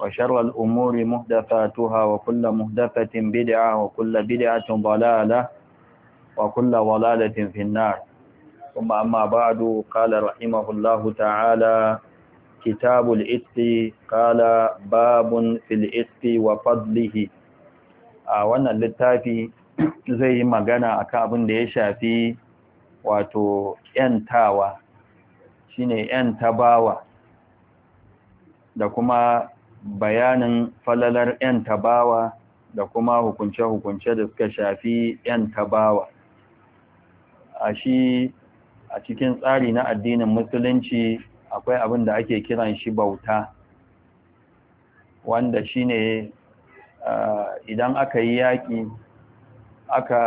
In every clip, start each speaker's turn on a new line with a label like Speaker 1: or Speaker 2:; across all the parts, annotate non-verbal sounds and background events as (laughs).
Speaker 1: وشر الأمور مهدفاتها وكل مهدفة بدعة وكل بدعة ضلالة وكل ضلالة في النار ثم أما بعد قال رحمه الله تعالى كتاب الإثق قال باب في الإثق وفضله wannan littafi zai yi magana akan abin da ya shafi wato ‘yantawa shi ne ‘yan tabawa da kuma bayanin falalar 'yan tabawa da kuma hukunce-hukunce da suka shafi 'yan tabawa a shi a cikin tsari na addinin musulunci akwai abin da ake kiran shi bauta wanda shi ne idan aka yi yaƙi aka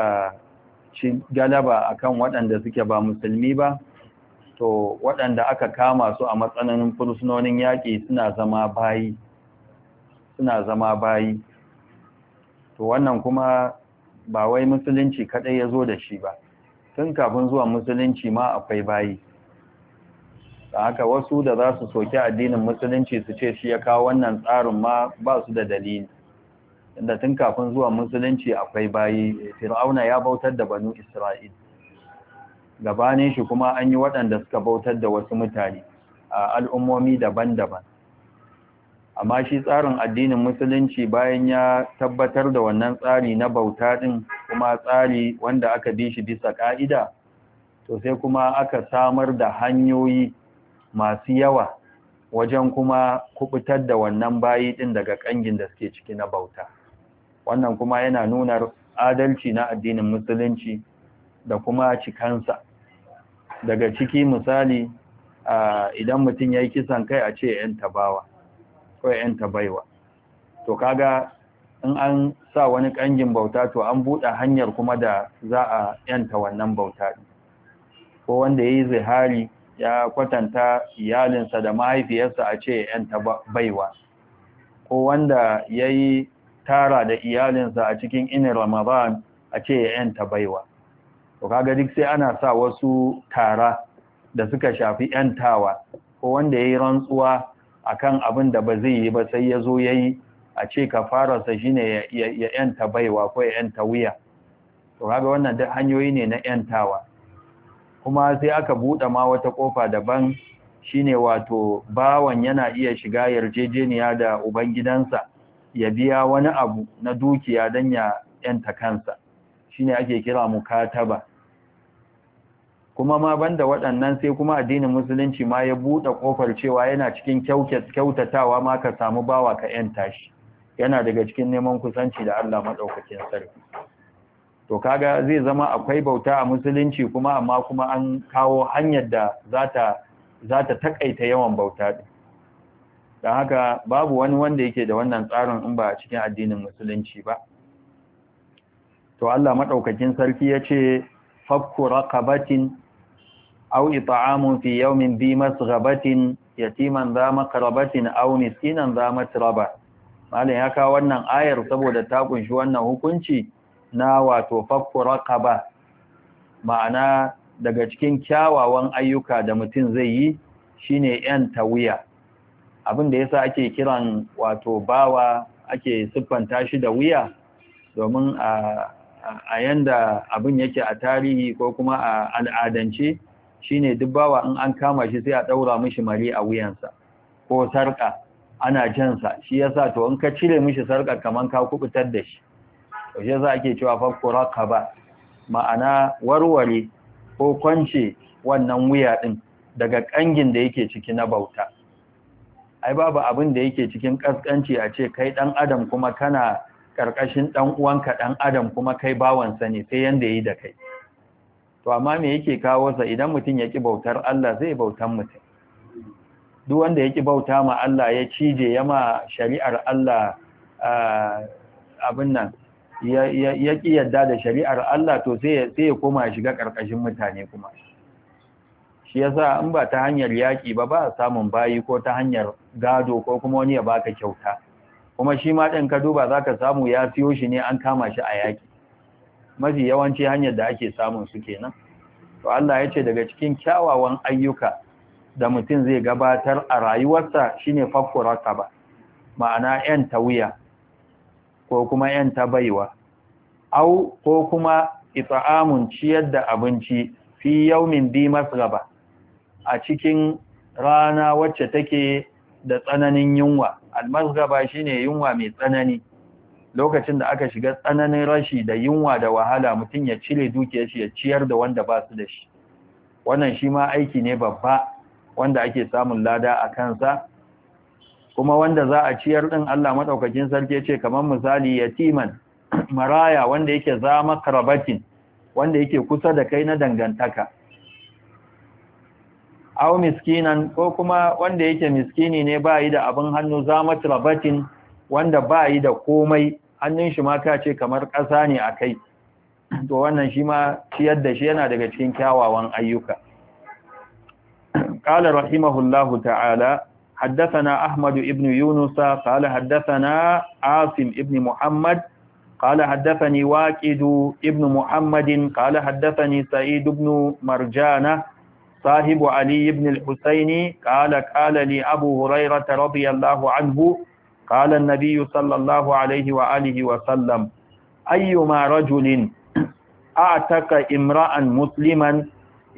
Speaker 1: ci galaba akan waɗanda suke ba musulmi ba to waɗanda aka kama su a matsananin fursunonin yaƙi suna zama bayi suna zama bayi to wannan kuma ba wai musulunci kadai ya zo da shi ba tun kafin zuwa musulunci ma akwai bayi da haka wasu da za su soke addinin musulunci su ce shi ya kawo wannan tsarin ma ba su da dalili inda tun kafin zuwa musulunci akwai bayi fir'auna ya bautar da banu isra'il gabanin shi kuma an yi waɗanda suka bautar da wasu mutane a al'ummomi daban-daban amma shi tsarin addinin musulunci bayan ya tabbatar da wannan tsari na bauta din kuma tsari wanda aka bi shi bisa ka'ida to sai kuma aka samar da hanyoyi masu yawa wajen kuma kubutar da wannan bayi din daga kangin da suke ciki na bauta wannan kuma yana nuna adalci na addinin musulunci da kuma cikansa daga ciki misali idan mutum ya yi kisan kai a ce 'yan tabawa ko yanta baiwa to kaga in an sa wani ƙangin bauta to an buɗe hanyar kuma da za a yanta wannan bauta ko wanda ya yi zihari ya kwatanta iyalinsa da mahaifiyarsa a ce yanta baiwa ko wanda ya yi tara da iyalinsa a cikin ini ramadan a ce yanta baiwa to kaga duk sai ana sa wasu tara da suka shafi yantawa ko wanda ya yi rantsuwa akan abin da ba zai yi ba sai ya zo ya yi a ce ka sa shi ne ya ‘yanta baiwa ko ya ‘yanta wuya to kaga wannan duk hanyoyi ne na ‘yantawa kuma sai aka buɗe ma wata ƙofa daban shine wato bawan yana iya shiga yarjejeniya da ubangidansa ya biya wani abu na dukiya don ya ‘yanta kansa shine ake kira mukataba kuma ma banda waɗannan sai kuma addinin musulunci ma ya buɗe ƙofar cewa yana cikin kyautatawa ma ka samu bawa ka ‘yanta tashi, yana daga cikin neman kusanci da Allah maɗaukakin sarki to kaga zai zama akwai bauta a musulunci kuma amma kuma an kawo hanyar da za ta taƙaita yawan bauta ɗin don haka babu wani wanda yake da wannan tsarin in ba a cikin addinin musulunci ba to Allah maɗaukakin sarki ya ce fakku raqabatin aw it'amun fi yawmin bi masghabatin yatiman za maqrabatin aw miskinan za matraba malam ya kawo wannan ayar saboda ta kunshi wannan hukunci na wato fakku raqaba ma'ana daga cikin kyawawan ayyuka da mutum zai yi shine yan tawiya abin da yasa ake kiran wato bawa ake siffanta shi da wuya domin a yanda abin yake a tarihi ko kuma a al'adance shine duk bawa in an kama shi sai a ɗaura mishi mari a wuyansa ko sarƙa ana jansa shi yasa to in ka cire mishi sarka kamar ka kubutar da shi to shi yasa ake cewa ka ba, ma'ana warware ko kwance wannan wuya ɗin, daga ƙangin da yake ciki na bauta ai babu abin da yake cikin kaskanci a ce kai ɗan adam kuma kana ƙarƙashin ɗan uwanka ɗan adam kuma kai bawansa ne sai yanda yi da kai to amma me yake kawo sa idan mutum ya ki bautar Allah zai bautan mutum duk wanda ya ki bauta ma Allah ya cije ya ma shari'ar Allah abin nan ya ki yadda da shari'ar Allah to sai ya koma ya shiga ƙarƙashin mutane kuma shi yasa in ba ta hanyar yaƙi ba ba samun bayi ko ta hanyar gado ko kuma wani ya baka kyauta kuma shi ma ɗin ka duba za ka samu ya siyo shi ne an kama shi a yaƙi mafi yawanci hanyar da ake samun su kenan to Allah ya ce daga cikin kyawawan ayyuka da mutum zai gabatar a rayuwarsa shine fakkurata ba ma'ana yan tawiya ko kuma yan tabaiwa au ko kuma ita'amun ciyar da abinci fi yaumin bi masgaba a cikin rana wacce take da tsananin yunwa Almasgaba shine yunwa mai tsanani lokacin da aka shiga tsananin rashi da yunwa da wahala mutum ya cire dukiyar shi ya ciyar da wanda ba su da shi wannan shi ma aiki ne babba wanda ake samun lada a kansa kuma wanda za a ciyar din Allah madaukakin sarki yace kamar misali yatiman maraya wanda yake za makarabatin wanda yake kusa da kai na dangantaka aw miskinan ko kuma wanda yake miskini ne ba yi da abin hannu za matlabatin wanda ba yi da komai hannun shi ma ce kamar ƙasa ne a kai to wannan shi ma ciyar da shi yana daga cikin kyawawan ayyuka ƙalar rahimahullahu ta'ala haddasa ahmadu ibn yunusa ƙala haddasa na asim ibn muhammad ƙala haddasa ni waƙidu ibn muhammadin ƙala haddasa ni sa'id ibn marjana sahibu ali ibn al-husaini ƙala ƙala ni abu hurairata radiyallahu anhu قال النبي صلى الله عليه وآله وسلم أيما رجل أعتق امرأ مسلما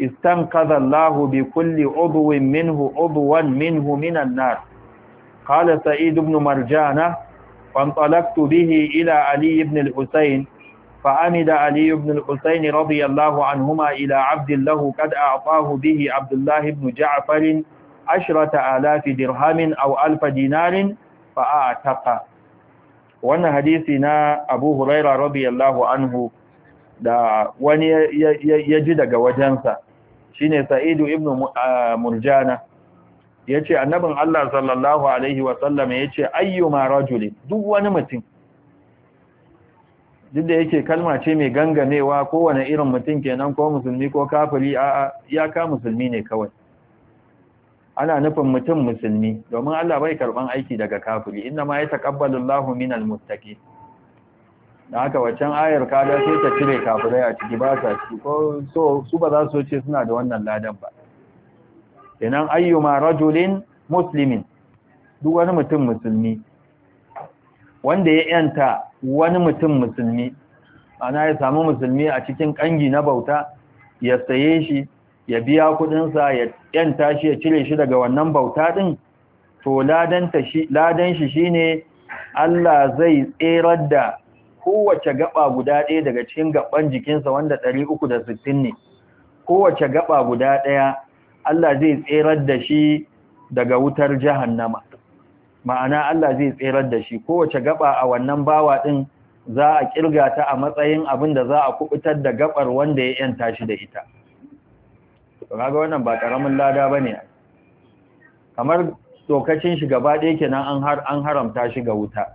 Speaker 1: استنقذ الله بكل عضو منه عضوا منه من النار قال سعيد بن مرجانة فانطلقت به إلى علي بن الحسين فعمد علي بن الحسين رضي الله عنهما إلى عبد الله قد أعطاه به عبد الله بن جعفر عشرة آلاف درهم أو ألف دينار fa’ataka wannan hadisi na Abu Huraira radiyallahu anhu da wani ya ji daga wajensa shi ne Sa'idu ibn ah, Murjana Ya ce, annabin Allah sallallahu alaihi wa yace ayyuma rajulin duk wani mutum duk da yake kalma ce mai gangamewa kowane irin mutum kenan ko musulmi ko kafiri a'a ka musulmi ne kawai ana nufin mutum musulmi domin Allah bai karban aiki daga kafiri inna ma ya taqabbalu Allahu minal muttaqi da haka waccan ayar kada sai ta cire kafirai a ciki ba sa ciki ko so su ba za su ce suna da wannan ladan ba kenan ayyuma rajulin muslimin duk wani mutum musulmi wanda ya yanta wani mutum musulmi ana ya samu musulmi a cikin kangi na bauta ya saye shi ya biya kudinsa ya yanta shi ya cire shi daga wannan bauta din to ladan shi shi ne Allah zai tserar da kowace gaba guda ɗaya daga cikin gaban jikinsa wanda 360 ne kowace gaba guda ɗaya Allah zai tserar da shi daga wutar jahannama ma'ana Allah zai tserar da shi kowace gaba a wannan bawa ɗin za a kirga ta a matsayin abin da za a kubutar da gabar wanda ya yanta shi da ita to kaga wannan ba karamin lada bane kamar dokacin shi gaba ɗaya kenan an har an haramta shi ga wuta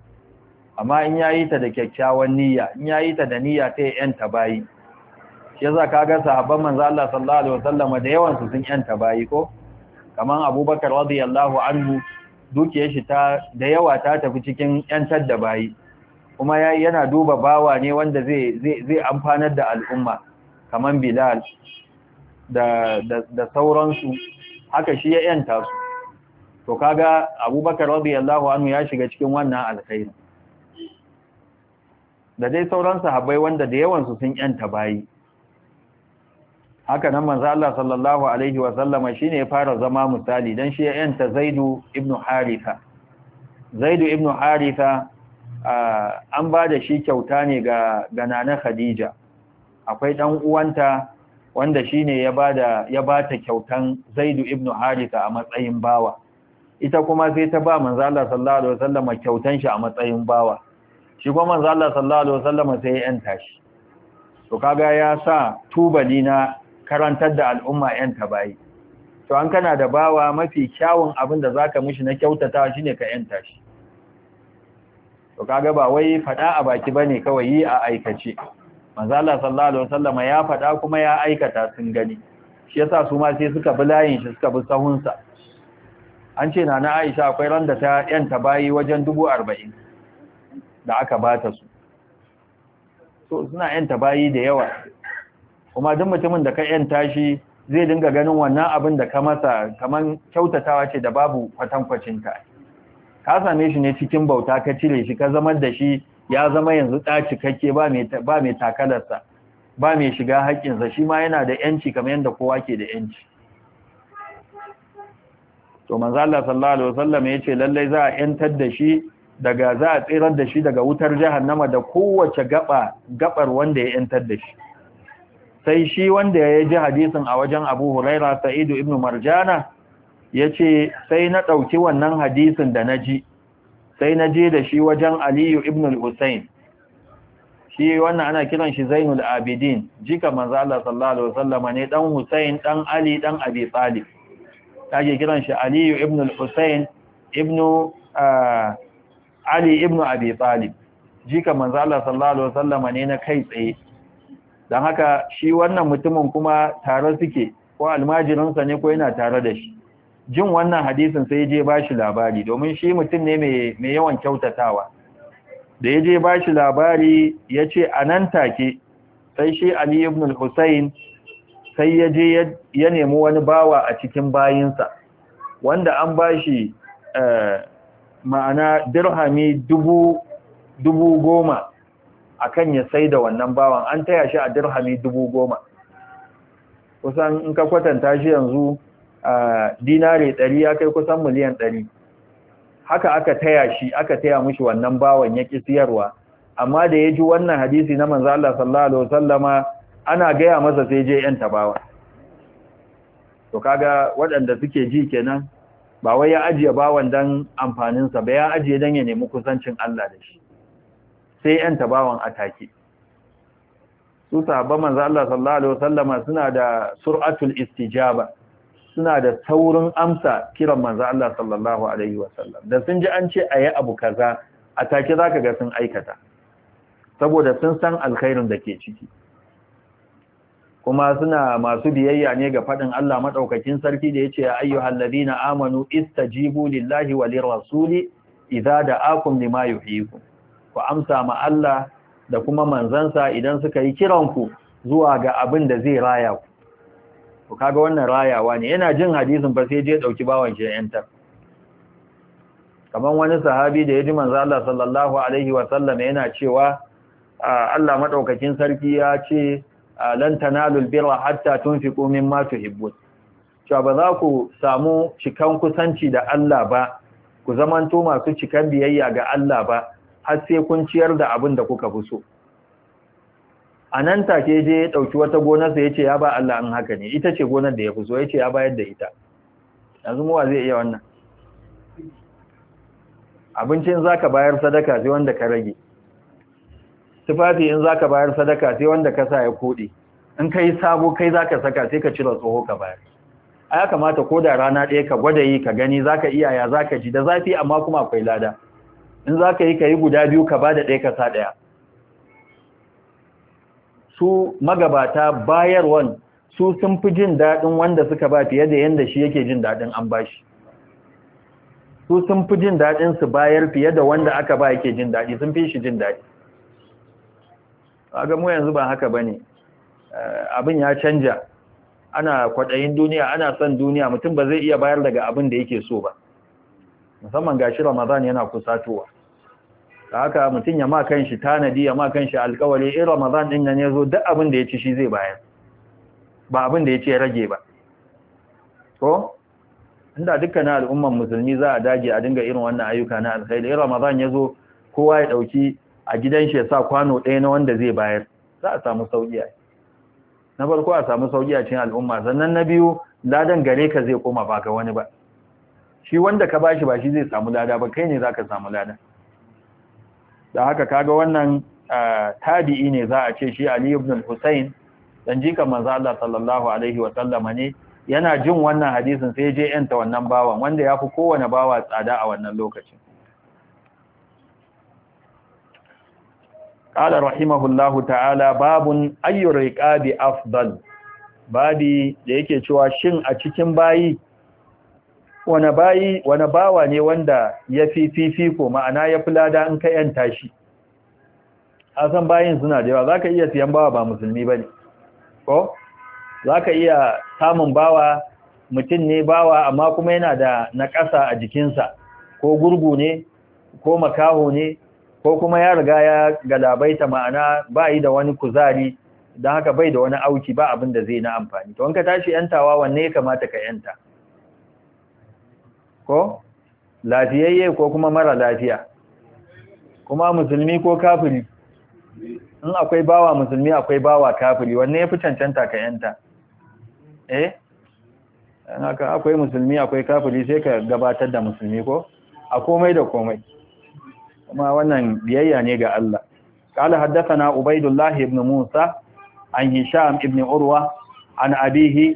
Speaker 1: amma in yayi ta da kyakkyawan niyya in yayi ta da niyya ta ta bayi shi yasa kaga sahabban manzo Allah sallallahu alaihi wasallam da yawan su sun ta bayi ko kaman Abubakar radiyallahu anhu dukiyar shi ta da yawa ta tafi cikin 'yan da bayi kuma yana duba bawa ne wanda zai zai zai amfanar da al'umma kaman Bilal da sauransu haka shi ya yanta su to kaga abubakar radiyallahu anhu ya shiga cikin wannan alkhairi da dai sauran sahabbai wanda da yawan su sun yanta bayi haka nan manzo Allah sallallahu alaihi wa sallama shine ya fara zama misali dan shi ya yanta Zaidu ibn Haritha Zaidu ibn Haritha an ba da shi kyauta ne ga ganana Khadija akwai dan uwanta wanda shi ne ya ba ta kyautan Zaidu ibn harita a matsayin bawa ita kuma sai ta ba manzo Allah sallallahu alaihi wasallam kyautan shi a matsayin bawa shi kuma manzo Allah sallallahu alaihi wasallam sai ya yanta shi to kaga ya sa tubali na karantar da al'umma yanta bayi to an kana da bawa mafi kyawun abin da zaka mishi na kyautata shine ka yanta shi to kaga ba wai fada a baki bane kawai yi a aikace manzala sallallahu alaihi wasallam ya faɗa kuma ya aikata sun gani shi yasa su ma sai suka bi layin shi suka bi sahun sa an ce na na Aisha akwai ran da ta yanta bayi wajen 40 da aka bata su so suna yanta bayi da yawa kuma duk mutumin da ka yanta shi zai dinga ganin wannan abin da ka masa kaman kyautatawa ce da babu kwatankwacinta ka same shi ne cikin bauta ka cire shi ka zamar da shi ya zama yanzu ɗa cikakke ba mai takalarsa ba mai shiga haƙƙinsa shi ma yana da ‘yanci kamar yadda kowa ke da ‘yanci to manzala sallallahu alaihi wasallam ya ce lallai za a ‘yantar da shi daga za a tsirar da shi daga wutar jahannama da kowace gaba gabar wanda ya ‘yantar da shi sai shi wanda ya ji hadisin a wajen abu huraira sa'idu ibn marjana ya ce sai na ɗauki wannan hadisin da na ji sai na je da shi wajen aliyu ibn al-husayn shi wannan ana kiran shi zainul abidin jika manzo Allah sallallahu alaihi wasallama ne dan husayn dan ali dan abi talib kage kiran shi aliyu ibn al-husayn ibn ali ibn abi talib jika manzo Allah sallallahu alaihi wasallama ne na kai tsaye dan haka shi wannan mutumin kuma tare suke ko almajirinsa ne ko yana tare da shi jin wannan hadisin sai je bashi labari domin shi mutum ne mai yawan kyautatawa da ya je ba labari ya ce a nan take sai shi ali ibn al-husayn sai ya je ya nemi wani bawa a cikin bayinsa wanda an ba shi eh, ma'ana dirhami dubu goma a kan ya sai da wannan bawan an taya shi a dirhami dubu goma kusan in ka kwatanta shi yanzu dinare ɗari ya kai kusan miliyan ɗari haka aka taya shi aka taya mushi wannan bawan ya ƙi siyarwa amma da ya ji wannan hadisi na manzo Allah sallallahu alaihi wasallama ana gaya masa sai je yan tabawa to kaga waɗanda suke ji kenan ba wai ya ajiye bawan dan amfanin sa ba ya ajiye dan ya nemi kusancin Allah da shi sai yan tabawan atake su sahabban manzo Allah sallallahu alaihi wasallama suna da sur'atul istijaba suna da saurin amsa kiran manzo Allah sallallahu alaihi wasallam da sun ji an ce ayi abu kaza a take zaka ga sun aikata saboda sun san alkhairin da ke ciki kuma suna masu biyayya ne ga faɗin Allah maɗaukakin sarki da ya ce ya ayyuhal ladina amanu istajibu lillahi wa lirrasuli idza da'akum lima yuhyikum ku amsa ma Allah da kuma manzansa idan suka yi kiran ku zuwa ga abin da zai raya ku to kaga wannan rayawa ne yana jin hadisin fa sai je dauki bawan shi yantar kaman wani sahabi da ya ji manzo Allah sallallahu alaihi wa sallam yana cewa Allah madaukakin sarki ya ce lan tanalul birra hatta tunfiqu mimma tuhibbun cewa ba za ku samu cikan kusanci da Allah ba ku zamanto masu cikan biyayya ga Allah ba har sai kun ciyar da abin da kuka fi so a nan take je ya ɗauki wata gonarsa ya ce ya ba Allah an haka ne ita ce gonar da ya fi so ya ce ya bayar da ita yanzu muwa zai iya wannan abincin za ka bayar sadaka sai wanda ka rage tufafi in za ka bayar sadaka sai wanda ka sa ya kuɗi in ka yi sabo kai za ka saka sai ka cire tsoho ka bayar a ya kamata ko da rana ɗaya ka gwada yi ka gani za ka iya ya za ka ji da zafi amma kuma akwai lada in za ka yi ka yi guda biyu ka ba da ɗaya ka sa ɗaya su magabata bayarwan su sun fi jin daɗin wanda suka ba fiye da yadda shi yake jin daɗin an ba shi su sun fi jin daɗin su bayar fiye da wanda aka ba yake jin daɗi sun fi shi jin daɗi a mu yanzu ba haka ba ne eh, abin ya canja ana kwaɗayin duniya ana son duniya mutum ba zai iya bayar daga abin da yake so ba musamman gashi ramadan yana kusatowa haka mutum ya ma shi tanadi ya ma shi alkawali in ramadan din nan yazo duk abin da ya ci shi zai bayar ba abin da ya ce rage ba ko inda dukkanin al'umman musulmi za a dage a dinga irin wannan ayyuka na alkhairi in ramadan yazo kowa ya dauki a gidan shi ya sa kwano ɗaya na wanda zai bayar za a samu sauki a na farko a samu sauki a cikin al'umma sannan na biyu ladan gare ka zai koma ba ga wani ba shi wanda ka bashi ba shi zai samu lada ba kai ne zaka samu lada da haka kaga wannan tabi'i ne za a ce shi Ali ibn al dan manzo Allah sallallahu alaihi wa sallama ne yana jin wannan hadisin sai je yanta wannan bawan wanda yafi kowane bawa tsada a wannan lokacin قال رحمه الله تعالى باب اي afdal افضل babi da yake cewa shin a cikin bayi wani bayi wane bawa ne wanda ya fi ko ma'ana ya fi lada in ka yanta shi a san bayin suna da yawa za ka iya siyan bawa ba musulmi ba ne ko za ka iya samun bawa mutum ne bawa amma kuma yana da naƙasa a jikinsa ko gurgu ne ko makaho ne ko kuma ya riga ya galabaita ma'ana ba yi da wani kuzari don haka bai da wani auki ba abin da zai na amfani to in ka tashi yantawa wanne ya kamata ka yanta ko lafiyayye ko kuma mara lafiya kuma musulmi ko kafiri in akwai bawa musulmi akwai bawa kafiri wanne ya fi cancanta ka yanta eh in aka akwai musulmi akwai kafiri sai ka gabatar da musulmi ko a komai da komai kuma wannan biyayya ne ga Allah قال حدثنا عبيد الله بن موسى عن هشام بن عروة عن أبيه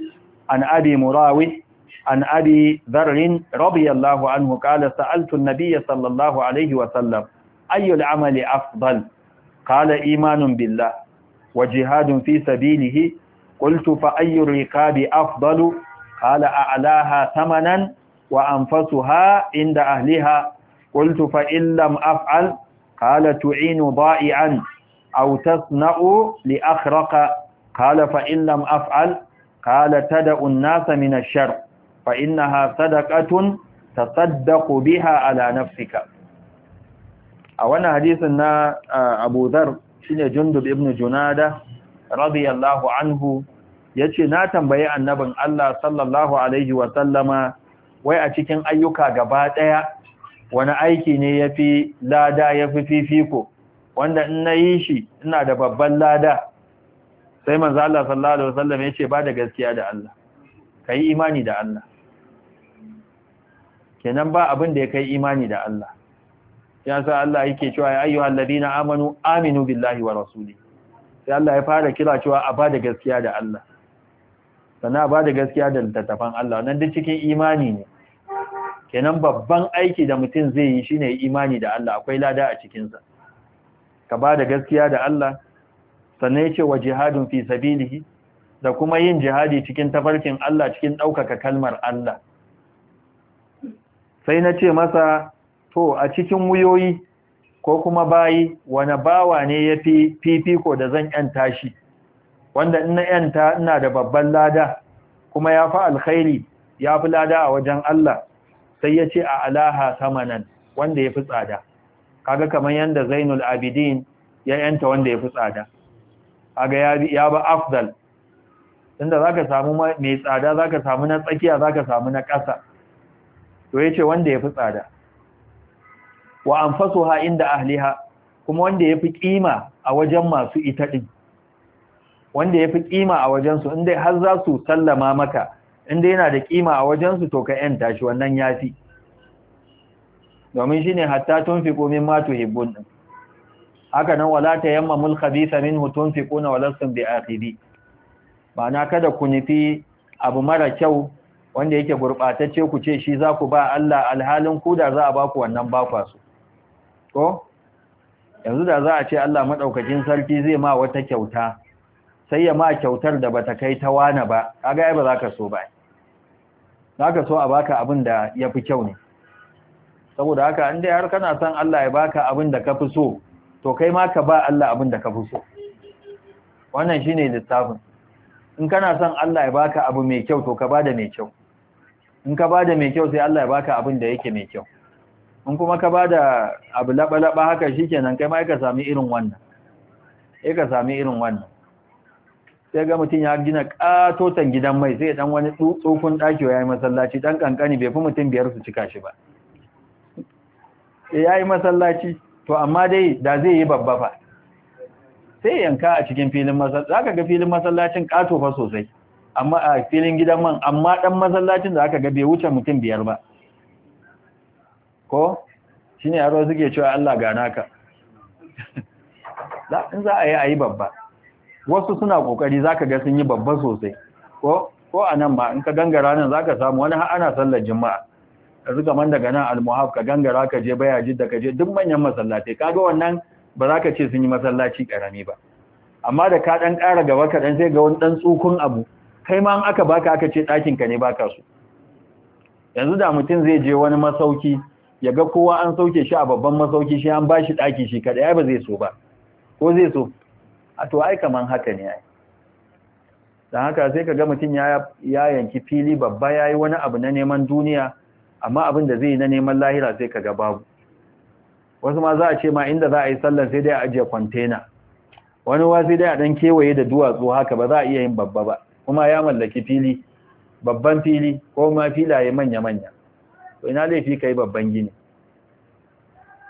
Speaker 1: عن أبي مراوي an abi zarrin rabiyallahu anhu kala sa’altun nabiya sallallahu alaihi ayyul amali afdal kala imanun billah wa jihadun fi sabilihi qultu fa ayyul riqabi afdalu kala a alaha tamanan wa an anfasuha inda ahliha qultu fa af'al kala tu'inu ba'i'an. aw tasna'u li akraka. kala fa af'al kala tada'u an-nasa fa ta sadaqatun tasaddaqu biha ala fika. a wannan hadisin na Abu shine Jundub ibn Junada radiyallahu anhu yace na tambaye annabin Allah sallallahu alaihi Wasallama. wai a cikin ayyuka gaba daya wani aiki ne yafi lada yafi fifiko wanda in nayi shi ina da babban lada sai manzo sallallahu alaihi ya yace ba da gaskiya da Allah yi imani da Allah kenan ba abin da ya kai imani da Allah ya sa Allah yake cewa ya ayyuhal ladina amanu aminu billahi wa rasuli sai Allah ya fara kira cewa a bada gaskiya da Allah sana a bada gaskiya da littattafan Allah nan duk cikin imani ne kenan babban aiki da mutum zai yi shine imani da Allah akwai lada a cikin sa ka bada gaskiya da Allah sannan yace wa jihadun fi sabilihi da kuma yin jihadi cikin tafarkin Allah cikin daukaka kalmar Allah sai na ce masa to a cikin wuyoyi ko kuma bayi wani bawa ne ya fi fifiko da zan yanta shi wanda ina yanta ina da babban lada kuma ya fi alkhairi ya fi lada a wajen Allah sai ya ce a alaha samanan wanda ya fi tsada kaga kamar yadda zainul abidin ya yanta wanda ya fi tsada kaga ya ba afdal inda ka samu mai tsada za ka samu na tsakiya za ka samu na ƙasa to yace wanda yafi tsada wa anfasuha inda ahliha kuma wanda yafi kima a wajen masu ita din wanda yafi kima a wajen su inda har za su sallama maka inda yana da kima a wajen su to ka yanta shi wannan yafi domin shine hatta tunfiqu mimma tuhibbun haka nan wala ta yamma tayammamul khabitha minhu tunfiquna walastum bi'akhidi ma'ana kada ku nufi abu mara kyau wanda yake gurbatacce ku ce shi za ku ba Allah alhalin ku da za a ba ku wannan ba kwa su ko yanzu da za a ce Allah madaukakin sarki zai ma wata kyauta sai ya ma kyautar da bata kai ta wani ba kaga ai ba za ka so ba za ka so a baka abin da ya fi kyau ne saboda haka in dai har kana son Allah ya baka abin da ka fi so to kai ma ka ba Allah abin da ka fi so wannan shine littafin in kana son Allah ya baka abu mai kyau to ka bada mai kyau in ka bada mai kyau sai Allah ya baka abin da yake mai kyau in kuma ka bada abu laba-laba haka shikenan kai ma ka sami irin wannan sai ka sami irin wannan sai ga mutum ya gina ƙatotan gidan mai sai dan wani tsofin ya yi masallaci dan ƙanƙani bai fi mutum biyar su cika shi ba Ya yi masallaci to amma dai da zai yi babba fa sai yanka a cikin filin zaka ga filin masallacin ƙato fa sosai amma a filin gidan man amma dan masallacin da aka ga bai wuce mutum biyar ba ko shine yaro suke cewa Allah ga naka da (laughs) in za a yi ayi babba wasu suna kokari zaka ga sun yi babba sosai ko ko anan ba in ka gangara nan zaka samu wani har ana sallar juma'a riga man daga nan almuhaf ka gangara ka je baya jidda ka je duk manyan masallatai kaga wannan ba zaka ce sun yi masallaci karami ba amma da ka dan kara gaba ka dan sai ga wani dan tsukun abu kai ma aka baka aka ce ɗakinka ne baka su yanzu da mutum zai je wani masauki ya ga kowa an sauke shi a babban masauki shi an bashi ɗaki shi kaɗai ya ba zai so ba ko zai so a to ai kaman haka ne ai don haka sai ka ga mutum ya yanki fili babba ya yi wani abu na neman duniya amma abin da zai yi na neman lahira sai ka ga babu wasu ma za a ce ma inda za a yi sallan sai dai a ajiye kwantena wani wa sai dai a ɗan kewaye da duwatsu haka ba za a iya yin babba ba kuma ya mallaki fili babban fili ko ma filaye manya-manya to ina laifi ka yi babban gini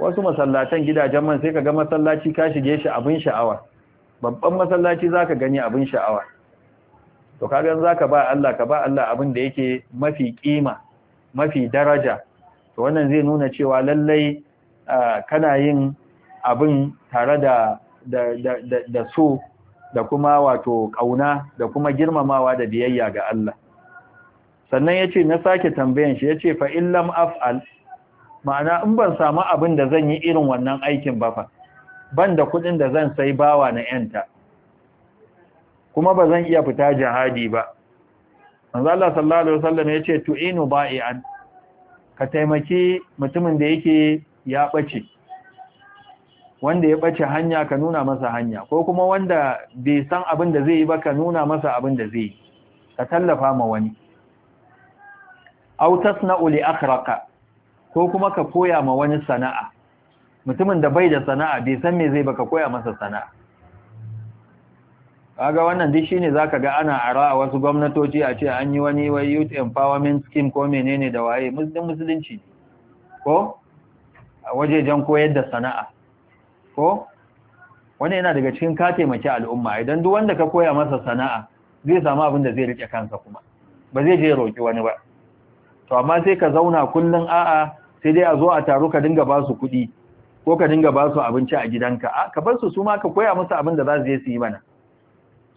Speaker 1: wasu masallatan gidajen man sai ka ga masallaci ka shige shi abin sha'awa babban masallaci za ka gani abin sha'awa to kagan za ka ba Allah ka ba Allah abin da yake mafi kima mafi daraja to wannan zai nuna cewa lallai ah, kana yin abin tare da da da da so da kuma wato ƙauna da kuma girmamawa da biyayya ga Allah sannan yace na sake tambayan shi yace fa illam af'al ma'ana in ban samu abin da zan yi irin wannan aikin ba fa ban da kuɗin da zan sai bawa na yanta kuma ba zan iya fita jihadi ba manzo Allah sallallahu alaihi wasallam yace tu'inu ba'i'an ka taimaki mutumin da yake ya bace wanda ya ɓace hanya ka nuna masa hanya ko kuma wanda bai san abin da zai yi ba ka nuna masa abin da zai yi ka tallafa ma wani au tasna'u li akraka. ko kuma ka koya ma wani sana'a mutumin da bai da sana'a bai san me zai ba ka koya masa sana'a kaga wannan duk shine zaka ga ana ara a wasu gwamnatoci a ce an yi wani wai youth empowerment scheme ko menene da waye musulunci ko a waje jan koyar da sana'a ko wani yana daga cikin ka taimaki al'umma idan duk wanda ka koya masa sana'a zai samu abin da zai rike kansa kuma ba zai je roki wani ba to amma sai ka zauna kullun a'a sai dai a zo a taro ka dinga ba su kuɗi ko ka dinga ba su abinci a gidanka a ka bar su su ma ka koya musu abin da za su je su yi mana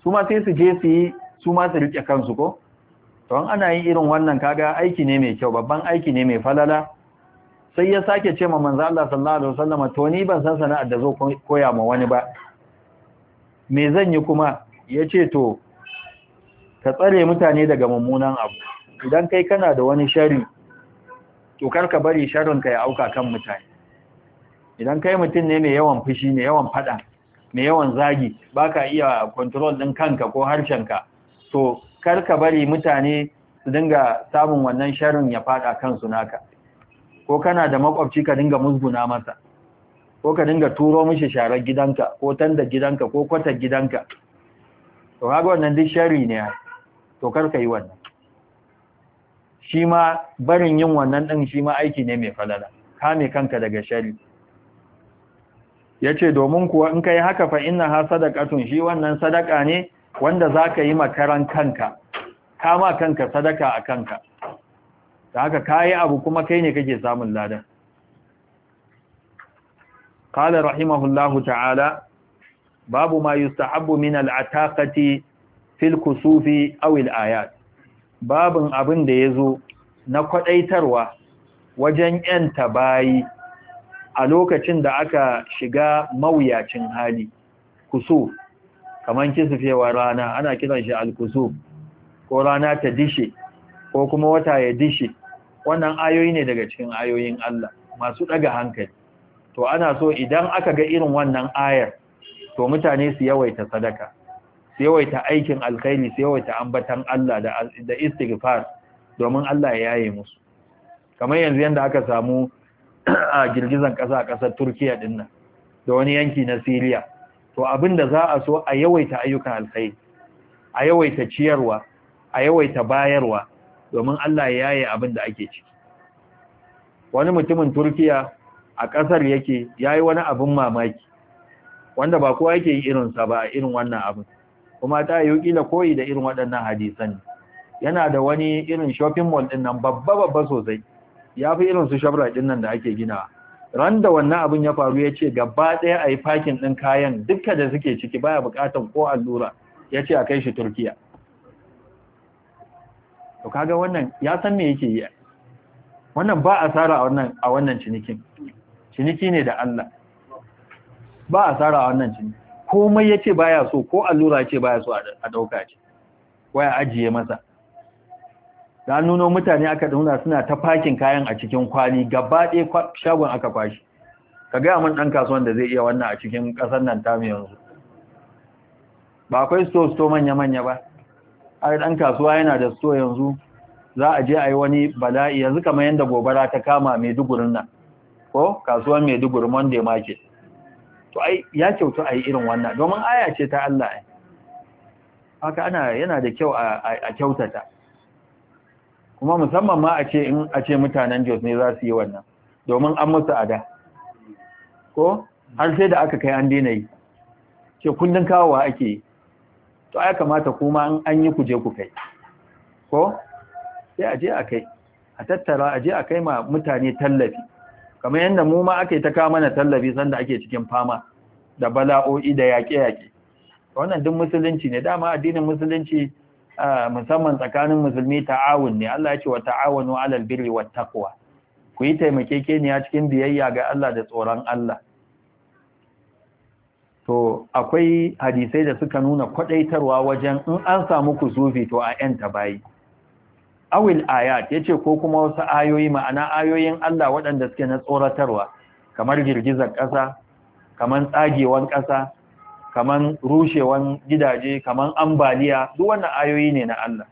Speaker 1: su ma sai su je su yi su su rike kansu ko to ana yin irin wannan kaga aiki ne mai kyau babban aiki ne mai falala sai ya sake ce ma manzo Allah sallallahu alaihi wasallam to ni ban san sana'ar da zo koya ma wani ba me zan yi kuma yace to ka tsare mutane daga mummunan abu idan kai kana da wani sharri to karka bari sharrin ka ya auka kan mutane idan kai mutum ne mai yawan fushi ne yawan fada mai yawan zagi baka iya control din kanka ko harshenka to kar ka bari mutane su dinga samun wannan sharrin ya fada kansu naka ko kana da makwabci ka dinga musguna masa ko ka dinga turo mishi sharar gidanka ko tanda gidanka ko kwatar gidanka to haka wannan duk shari ne to kar ka yi wannan shi ma barin yin wannan din shi ma aiki ne mai falala kame kanka daga shari yace domin kuwa in kai haka fa inna ha sadaqatun shi wannan sadaka ne wanda zaka yi makaran kanka kama kanka sadaka a kanka Da haka kayi abu kuma kai ne kake samun ladan qala rahimahullahu ta'ala babu ma yustahabbu min al'ataqati fil kusufi aw al ayat babin abin da ya zo na kwadaitarwa wajen yanta bayi a lokacin da aka shiga mawuyacin hali kusuf kaman kisufewa rana ana kiran shi al ko rana ta dishe ko kuma wata ya dishe wannan ayoyi ne daga cikin ayoyin Allah masu daga hankali to ana so idan aka ga irin wannan ayar to mutane su yawaita sadaka su yawaita aikin alkhairi su yawaita ambatan Allah da da istighfar domin Allah ya yaye musu kamar yanzu yanda aka samu a girgizan kasa kasar Turkiya din nan da wani yanki na Syria to abin da za a so a yawaita ayyukan alkhairi a yawaita ciyarwa a yawaita bayarwa domin Allah ya yaye abin da ake ciki wani mutumin Turkiya a ƙasar yake ya yi wani abin mamaki wanda ba kowa yake yi irin ba a irin wannan abin kuma ta yi kila koyi da irin waɗannan hadisan yana da wani irin shopping mall ɗin nan babba babba sosai ya irin su shabra ɗin nan da ake ginawa ran da wannan abin ya faru ya ce gaba ɗaya a yi fakin ɗin kayan dukka da suke ciki baya buƙatar ko allura ya ce a kai shi turkiya to kaga wannan ya san me yake yi wannan ba asara a wannan a wannan cinikin ciniki ne da Allah ba asara a wannan ciniki komai yace baya so ko allura yace baya so a dauka ce waya ajiye masa da nuno mutane aka dauna suna ta fakin kayan a cikin kwali gaba ɗaya shagon aka kwashi ka gaya mun ɗan kasuwan da zai iya wannan a cikin ƙasar nan ta yanzu ba akwai sto-sto manya-manya ba ai ɗan kasuwa yana da sto yanzu za a je a yi wani bala'i yanzu kamar yadda gobara ta kama Maiduguri nan ko kasuwar Maiduguri Monday market to ai ya kyautu a yi irin wannan domin aya ce ta Allah ai haka ana yana da kyau a kyautata kuma musamman ma a ce in a ce mutanen Jos ne za su yi wannan domin an musu ada ko har sai da aka kai an daina yi ce kundin kawowa ake yi to ya kamata kuma an yi kuje ku kai ko sai a je a kai a tattara a je a kai ma mutane tallafi kamar yadda mu ma aka ta kawo mana tallafi sanda ake cikin fama da bala'o'i da yaƙe-yaƙe wannan duk musulunci ne dama addinin musulunci musamman tsakanin musulmi ta'awun ne Allah ya ce wa ta'awunu alal birri wat taqwa ku yi taimakekeniya cikin biyayya ga Allah da tsoron Allah to akwai hadisai da suka nuna kwadaitarwa wajen in an samu kusufi to a yanta bayi awil ayat yace ko kuma wasu ayoyi ma'ana ayoyin Allah waɗanda suke na tsoratarwa kamar girgizar ƙasa kamar tsagewan ƙasa kamar rushewan gidaje kamar ambaliya duk wannan ayoyi ne na Allah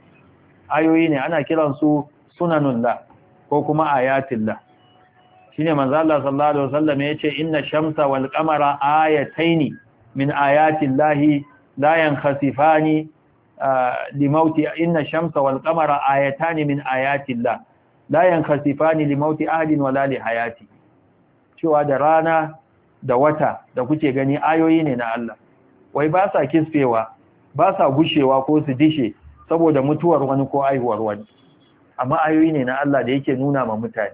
Speaker 1: ayoyi ne ana kiran su kiransu La ko kuma la shine manzo Allah sallallahu alaihi wasallam yace inna shamsa wal qamara ayataini min ayatin lahi layan khasifani ah, limauti inna shamsa wal qamara ayatani min ayatin la layan kasifani limauti ahadin wala li hayati cewa da rana da wata da kuke gani ayoyi ne na Allah wai ba sa kisfewa ba sa gushewa ko su dishe saboda mutuwar wani ko aihuwar wani amma ayoyi ne na Allah da yake nuna ma mutane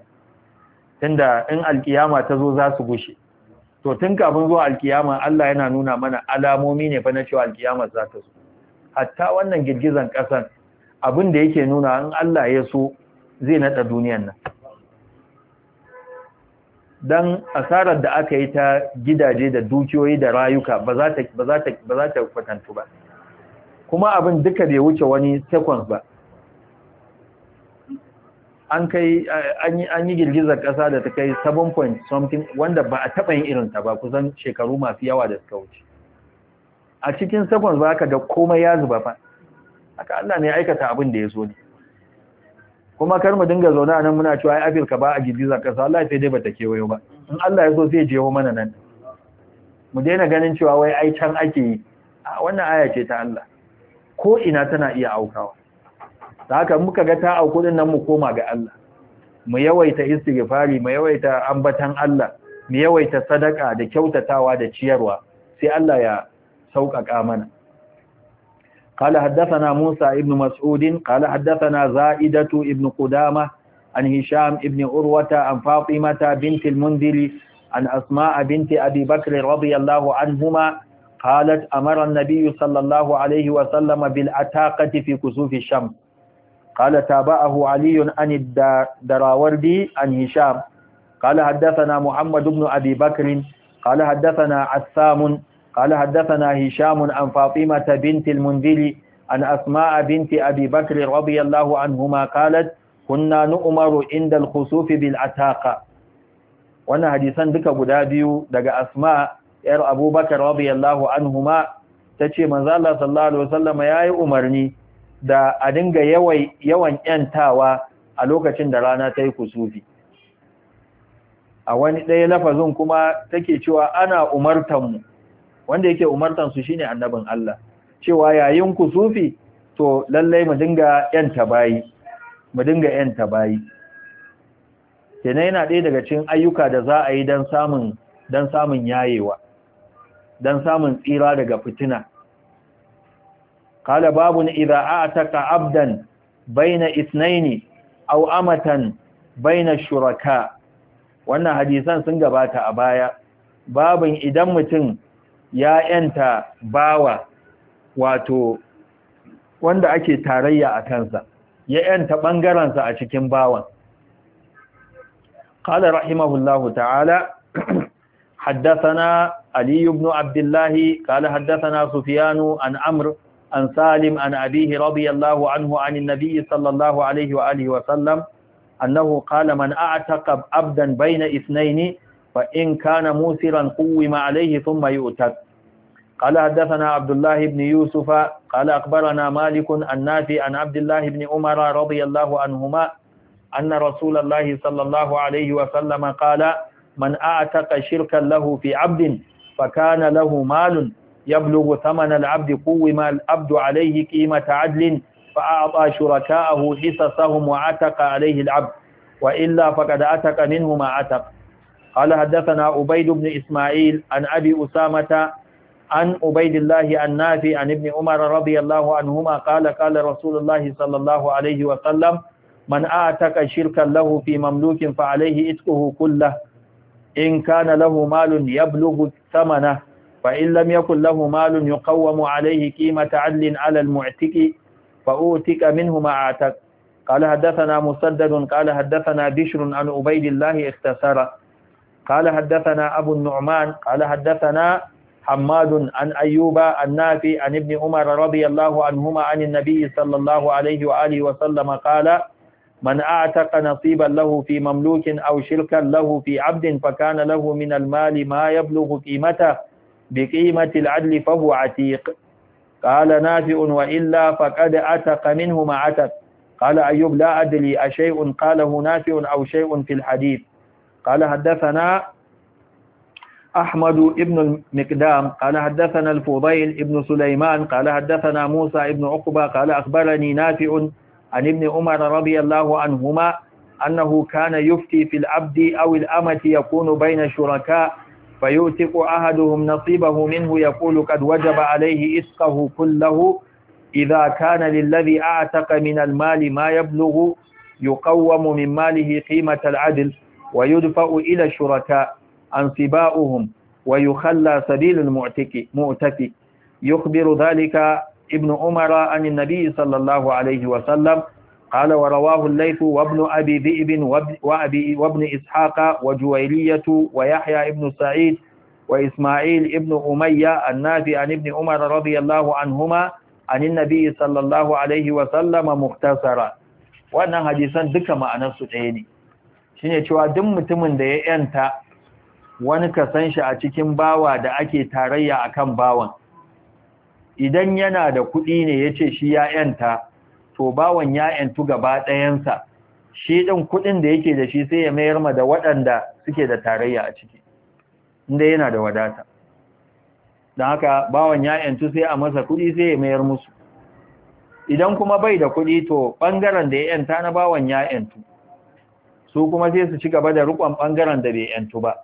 Speaker 1: tunda in alkiyama ta zo za su gushe to tun kafin zuwa alkiyama Allah yana nuna mana alamomi ne fa na cewa alkiyama za ta zo hatta wannan girgizan kasan abin da yake nuna in Allah ya so zai nada duniyar nan dan asarar da aka yi ta gidaje da dukiyoyi da rayuka ba za ta ba za ta ba za ta kwatantu ba kuma abin duka bai wuce wani seconds ba an kai an yi girgizar kasa da ta kai 7 something wanda ba a taɓa yin ta ba kusan shekaru masu yawa da suka wuce a cikin seconds ba ka ga komai ya zuba fa haka Allah ne aikata abin da ya so ne kuma kar mu dinga zaune nan muna cewa ai Afirka ba a girgizar kasa Allah sai dai bata kewayo ba in Allah ya so sai jeho mana nan mu daina ganin cewa wai ai can ake yi a wannan aya ce ta Allah ko ina tana iya aukawa da haka muka ga ta auku din nan mu koma ga Allah mu yawaita istighfari mu yawaita ambatan Allah mu yawaita sadaka da kyautatawa da ciyarwa sai Allah ya sauƙaƙa mana قال حدثنا موسى ابن مسعود قال حدثنا زائدة ابن قدامة عن هشام ابن أروة عن فاطمة بنت المنذر عن أسماء بنت أبي بكر رضي الله عنهما قالت أمر النبي صلى الله عليه وسلم بالأتاقة في كسوف الشمس قال تابعه علي عن الدراوردي عن هشام قال حدثنا محمد بن أبي بكر قال حدثنا عسام قال حدثنا هشام عن فاطمة بنت المنذر عن أسماء بنت أبي بكر رضي الله عنهما قالت كنا نؤمر عند الخسوف بالعتاقة وانا حديثا بك قدابيو دقى أسماء إر أبو بكر رضي الله عنهما تشي من ذا الله صلى الله عليه وسلم يا أمرني da a dinga yawan ‘yantawa a lokacin da rana ta yi kusufi a wani ɗaya lafazin kuma take cewa ana umartanmu wanda yake umartansu shine annabin Allah cewa yayin kusufi to lallai mu dinga ‘yanta bayi mu dinga ‘yanta bayi yana ɗaya daga cin ayyuka da za a yi don samun yayewa don samun tsira daga fitina قال باب إذا أعتق عبدا بين اثنين أو أمة بين الشركاء wannan hadisan sun gabata a baya babin idan mutum ya yanta bawa wato wanda ake tarayya a kansa ya yanta bangaransa a cikin bawan قال rahimahullahu ta'ala تعالى (clears throat) حدثنا علي بن عبد الله sufyanu حدثنا سفيان عن سالم عن أبيه رضي الله عنه عن النبي صلى الله عليه وآله وسلم أنه قال من أعتق عبدا بين اثنين فإن كان موسرا قوم عليه ثم يؤتد قال حدثنا عبد الله بن يوسف قال أخبرنا مالك النافي عن عبد الله بن عمر رضي الله عنهما أن رسول الله صلى الله عليه وسلم قال من أعتق شركا له في عبد فكان له مال يبلغ ثمن العبد قوم العبد عليه قيمة عدل فأعطى شركاءه حصصهم وعتق عليه العبد وإلا فقد عتق منه ما عتق قال حدثنا عبيد بن إسماعيل عن أبي أسامة عن عبيد الله النافي عن ابن عمر رضي الله عنهما قال قال رسول الله صلى الله عليه وسلم من أعتق شركا له في مملوك فعليه إتقه كله إن كان له مال يبلغ ثمنه فإن لم يكن له مال يقوم عليه قيمة عدل على المعتق فأوتك منه ما اعتق قال حدثنا مسدد قال حدثنا بشر عن عبيد الله اختصر قال حدثنا أبو النعمان قال حدثنا حماد عن أيوب النافي عن ابن عمر رضي الله عنهما عن النبي صلى الله عليه وآله وسلم قال من أعتق نصيبا له في مملوك أو شركا له في عبد فكان له من المال ما يبلغ قيمته بقيمة العدل فهو عتيق قال نافع وإلا فقد أتق منه ما أتق قال أيوب لا أدري أشيء قاله نافع أو شيء في الحديث قال حدثنا أحمد ابن المقدام قال حدثنا الفضيل ابن سليمان قال حدثنا موسى ابن عقبة قال أخبرني نافع عن ابن عمر رضي الله عنهما أنه كان يفتي في العبد أو الأمة يكون بين شركاء فيؤتق أحدهم نصيبه منه يقول قد وجب عليه إسقه كله إذا كان للذي أعتق من المال ما يبلغ يقوم من ماله قيمة العدل ويدفع إلى الشركاء أنصباؤهم ويخلى سبيل المؤتك يخبر ذلك ابن عمر عن النبي صلى الله عليه وسلم قال ورواه الليث وابن أبي ذئب وأبي وابن إسحاق وجويرية ويحيى ابن سعيد وإسماعيل ابن أمية النافي عن ابن عمر رضي الله عنهما عن النبي صلى الله عليه وسلم wannan hadisan duka ma'anarsu ɗaya ne shine cewa duk mutumin da ya yanta wani ka san shi a cikin bawa da ake tarayya a kan bawan idan yana da kuɗi ne yace shi ya yanta to bawan ya yantu gaba ɗayansa shi ɗin kuɗin da yake da shi sai ya mayar ma da waɗanda suke da tarayya a ciki inda yana da wadata don haka bawan ya yantu sai a masa kuɗi sai ya mayar musu idan kuma bai da kuɗi to ɓangaren da ya yanta na bawan ya yantu su kuma sai su ci gaba da riƙon ɓangaren da bai yantu ba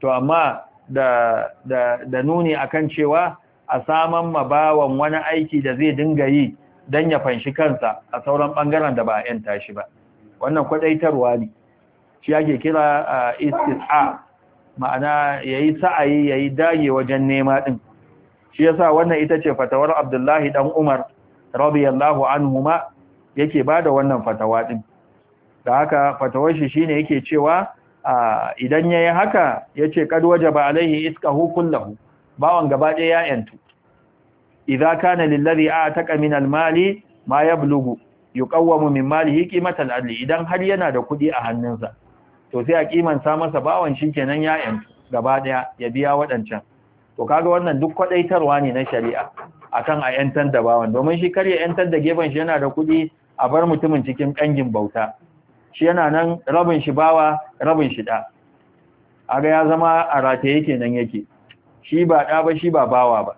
Speaker 1: to amma da, da, da nuni akan cewa a saman ma bawan wani aiki da zai dinga yi don ya fanshi kansa a sauran ɓangaren da ba a ‘yanta shi ba wannan kwadaitarwa ne shi ake kira a a ma'ana ya yi sa'ayi ya yi dage wajen nema ɗin shi ya sa wannan ita ce fatawar abdullahi ɗan umar an anhuma yake ba da wannan fatawa ɗin da haka fatawar shi shine yake cewa idan ya yi haka ya ce kad waje ba alaihi iska hu. bawan gaba ɗaya ya ‘yantu idza kana lillazi ataka min almali ma yablughu yuqawwamu min malihi qimatal adli idan har yana da kuɗi a hannunsa to sai a kimanta masa bawan kenan ya yan gaba daya ya biya waɗancan. to kaga wannan duk kwadaitarwa ne na shari'a akan a yantar da domin shi karya ya yantar da gefen shi yana da kuɗi a bar mutumin cikin kangin bauta shi yana nan rabin shi bawa rabin shi da aga ya zama a rataye kenan yake shi ba da ba shi ba bawa ba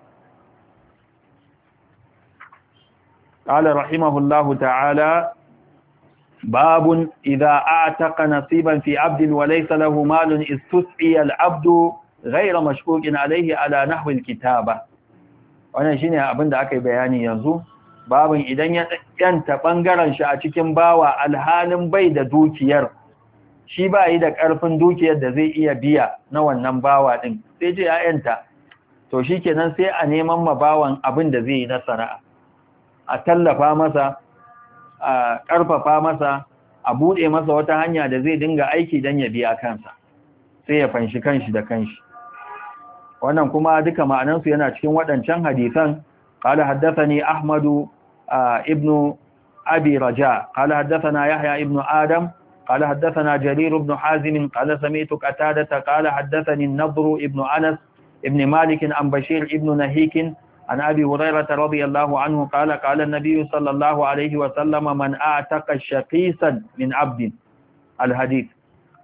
Speaker 1: قال رحمه الله تعالى باب إذا أعتق نصيبا في عبد وليس له مال استسعي العبد غير مشكوك عليه على نحو الكتابة wannan shine abin da aka yi bayani yanzu babin idan ya yanta ɓangaren shi a cikin bawa alhalin bai da dukiyar shi ba yi da karfin dukiyar da zai iya biya na wannan bawa ɗin sai ce ya yanta to shikenan sai a neman ma bawan abin da zai yi na sana'a a tallafa masa a ƙarfafa masa a buɗe masa wata hanya da zai dinga aiki don ya biya kansa sai ya fanshi kanshi da kanshi wannan kuma duka ma'anansu yana cikin waɗancan hadisan ƙala haddasa ne ahmadu ibnu abi raja kala haddasa na yahya ibnu adam Jariru Ibn جرير ƙala حازم قال سميت ta ƙala haddasa النضر Nabru Ibn Anas, Ibn عن بشير Ibn Nahikin. عن أبي هريرة رضي الله عنه قال قال النبي صلى الله عليه وسلم من أعتق شقيصا من عبد الحديث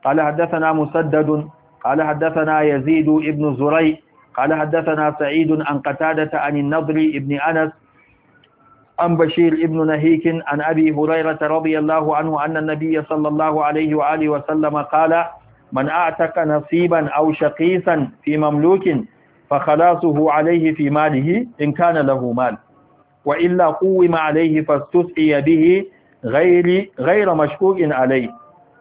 Speaker 1: قال حدثنا مسدد قال حدثنا يزيد ابن زري قال حدثنا سعيد عن قتادة عن النضر ابن أنس عن بشير ابن نهيك عن أبي هريرة رضي الله عنه أن النبي صلى الله عليه وآله وسلم قال من أعتق نصيبا أو شقيصا في مملوك fa khalasuhu alayhi fi malihi in kana lahu mal wa illa quwima alayhi fastusqiya bihi ghairi ghayra alai. alayhi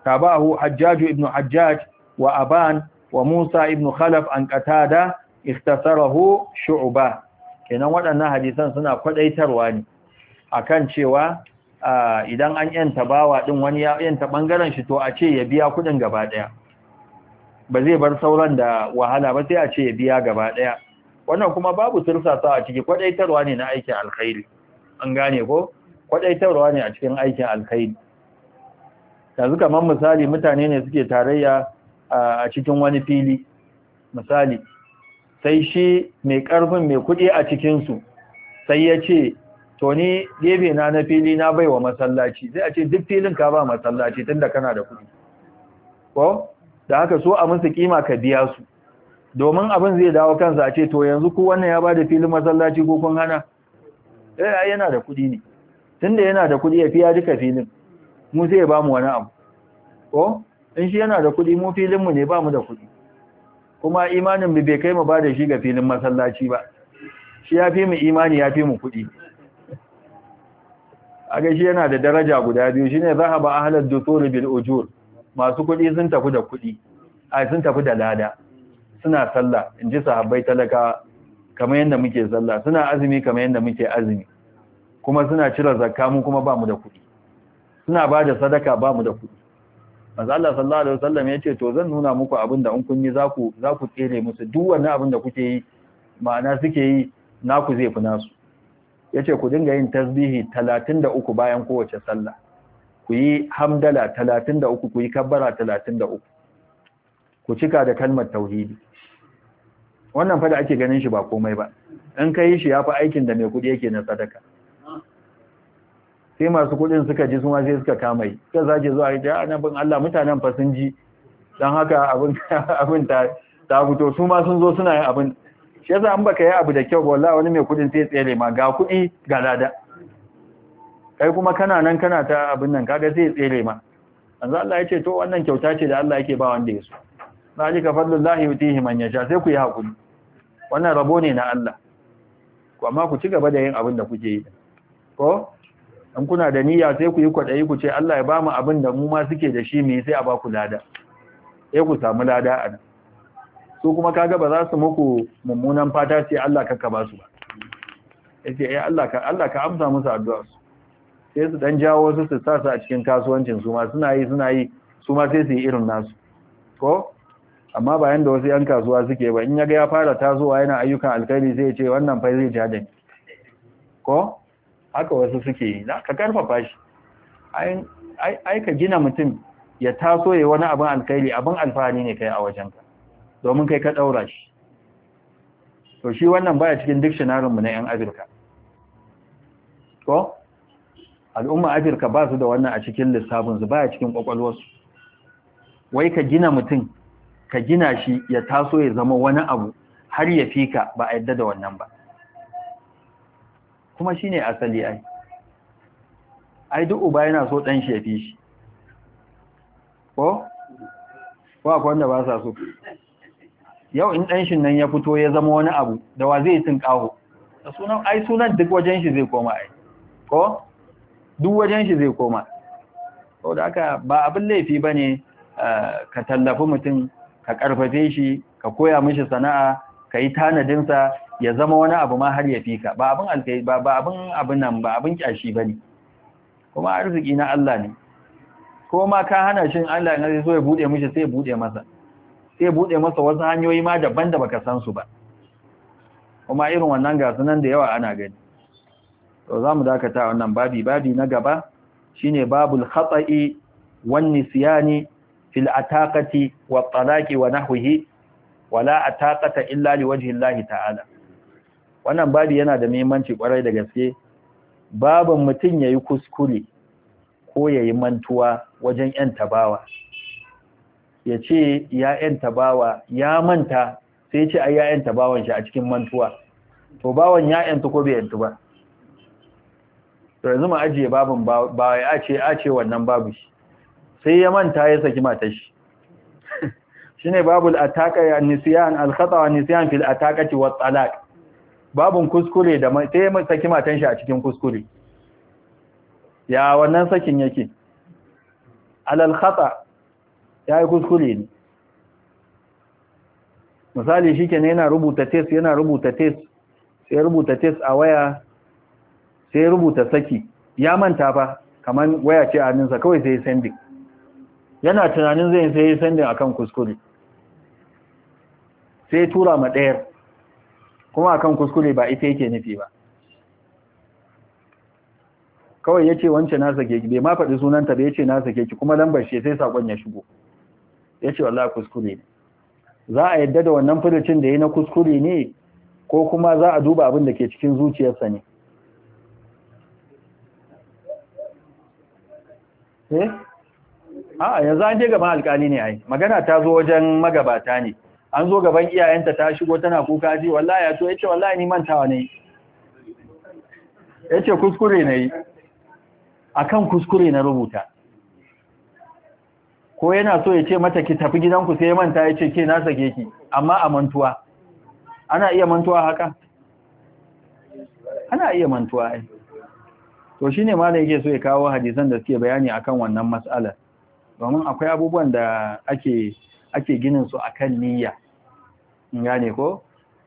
Speaker 1: tabahu hajjaj ibn hajjaj wa aban wa musa ibn khalaf an qatada ikhtasarahu shu'ba kenan waɗannan hadisan suna kwadaitarwa ne akan cewa idan an yanta bawa ɗin wani ya yanta ɓangaren shi to a ce ya biya kuɗin gaba daya ba zai bar sauran da wahala ba sai a ce ya biya gaba ɗaya wannan kuma babu tursasa a ciki kwadaitarwa ne na aikin alkhairi an gane ko kwadaitarwa ne a cikin aikin alkhairi yanzu kamar misali mutane ne suke tarayya a cikin wani fili misali sai shi mai karfin mai kuɗi a cikinsu sai ya ce to ni gebe na na fili na baiwa masallaci sai a ce duk filin ka ba masallaci tunda kana da kuɗi ko da haka so a musu kima ka biya su domin abin zai dawo kansa a ce to yanzu ko wannan ya ba da filin masallaci ko kun hana eh yana da kuɗi ne tunda yana da kuɗi ya fiya duka filin mu zai ba mu wani abu ko in shi yana da kuɗi mu filin mu ne ba mu da kuɗi kuma imanin mu bai kai mu ba da shi ga filin masallaci ba shi ya fi mu imani ya fi mu kuɗi a ga shi yana da daraja guda biyu shine zahaba ahlad dutur bil ujur masu kuɗi sun tafi da kuɗi ai sun tafi da lada suna sallah in ji sahabbai talakawa kamar yadda muke sallah suna azumi kamar yadda muke azumi kuma suna cire zakka mu kuma ba mu da kuɗi suna ba da sadaka ba mu da kuɗi manzo Allah sallallahu alaihi wasallam ya ce to zan nuna muku abin da in kun yi zaku zaku tsere musu duk wani abin da kuke yi ma'ana suke yi naku zai fi nasu yace ku dinga yin tasbihi 33 bayan kowace sallah ku yi hamdala uku, ku yi kabbara uku, ku cika da kalmar tauhidi wannan fada ake ganin shi ba komai ba in ka yi shi ya fi aikin da mai kudi yake na sadaka sai masu kudin suka ji suma sai suka kama yi suka zaje zuwa ya ah, bin Allah mutanen fa sun ji dan haka (laughs) abin ta ta fito su ma sun zo suna yin abin shi yasa an baka yi abu da kyau wallahi wani mai kudin sai tsere ma ga kudi ga lada kai kuma kana nan kana ta abin nan kaga zai tsere ma manzo Allah ya ce to wannan kyauta ce da Allah yake ba wanda ya so zalika fadlullahi yutihi man yasha sai ku yi hakuri wannan rabo ne na Allah ku amma ku ci gaba da yin abin da kuke yi ko in kuna da niyya sai ku yi kwadayi ku ce Allah ya ba mu abin da mu ma suke da shi me sai a ba ku lada sai ku samu lada a nan su kuma kaga ba za su muku mummunan fata sai Allah ka ba su ba yace eh Allah ka Allah ka amsa musu addu'a su sai su dan jawo su su sa su a cikin kasuwancin su ma suna yi suna yi su ma sai su yi irin nasu ko amma ba yanda wasu yan kasuwa suke ba in yaga ya fara tasowa yana ayyukan alkhairi sai ya ce wannan fa zai ja da ko haka wasu suke yi za ka karfafa shi ai ka gina mutum ya taso ya wani abin alkhairi abin alfahari ne kai a wajenka domin kai ka daura shi to shi wannan baya cikin dictionary mu na yan Afirka ko al'umma afirka ba su da wannan a cikin lissafinsu ba a cikin su. wai ka gina mutum ka gina shi ya taso ya zama wani abu har ya fika ba a yadda da wannan ba kuma shi ne asali ai ai duk uba yana so ɗan shi ya fi shi ko? ko akwai wanda ba sa so yau in ɗan shin nan ya fito ya zama wani abu da wa zai tun ƙaho ai sunan duk wajen shi zai koma ai ko? duk wajen shi zai koma sau da aka, ba abin laifi ba ne eh, ka tallafi mutum ka ƙarfafe shi ka koya mishi sana'a ka yi tanadinsa ya zama wani abu ma har ya fi ka ba abin alkai ba abin abin nan ba abin kyashi ba ne kuma arziki na Allah ne ko ma ka hana shi Allah ya zai so ya buɗe mishi sai ya buɗe masa sai ya buɗe masa wasu hanyoyi ma daban da baka san su ba kuma irin wannan gasu nan da yawa ana gani to za mu dakata wannan babi babi na gaba shine babul khata'i wan nisyani fil ataqati wa talaqi wa nahwihi wala ataqata illa liwajhi llahi ta'ala wannan babi yana da muhimmanci kwarai da gaske babin mutum yayi kuskure ko yayi mantuwa wajen yan tabawa yace ya yan tabawa ya manta sai ce ai ya yan tabawan shi a cikin mantuwa to bawan ya yan ta ko bai yan ba to yanzu ma ajiye babin ba ya ace ace wannan babu shi sai ya manta ya saki matar shi (laughs) shine babul ataka ya nisyan al khata wa nisyan fil ataqati wa talaq babun kuskure da sai ya saki matan shi a cikin kuskure ya wannan sakin yake alal khata yayi kuskure ne misali ne yana rubuta test yana rubuta test sai rubuta test a waya sai rubuta saki ya manta fa kamar waya ce a ninsa kawai sai sending yana tunanin zai sai sending akan kuskure sai tura ma ɗayar kuma akan kuskure ba ita yake nufi ba kawai ya ce wance na sake ki bai ma faɗi sunanta ba ya ce na sake ki kuma lambar shi sai sakon ya shigo ya ce kuskure ne za a yadda da wannan furucin da ya na kuskure ne ko kuma za a duba abin da ke cikin zuciyarsa ne eh A'a, yanzu an je gaban alƙali ne ai magana ta zo wajen magabata ne an zo gaban iyayenta ta shigo tana kuka ji wallahi ya to yace wallahi ni mantawa ne yace kuskure ne akan kuskure na rubuta ko yana so ya ce mata ki tafi gidanku sai manta ya ce ke na sake ki amma a mantuwa ana iya mantuwa haka ana iya mantuwa ai to shi ne malam yake so ya kawo hadisan da suke bayani akan wannan mas'alar domin akwai abubuwan da ake ake ginin su akan niyya in gane ko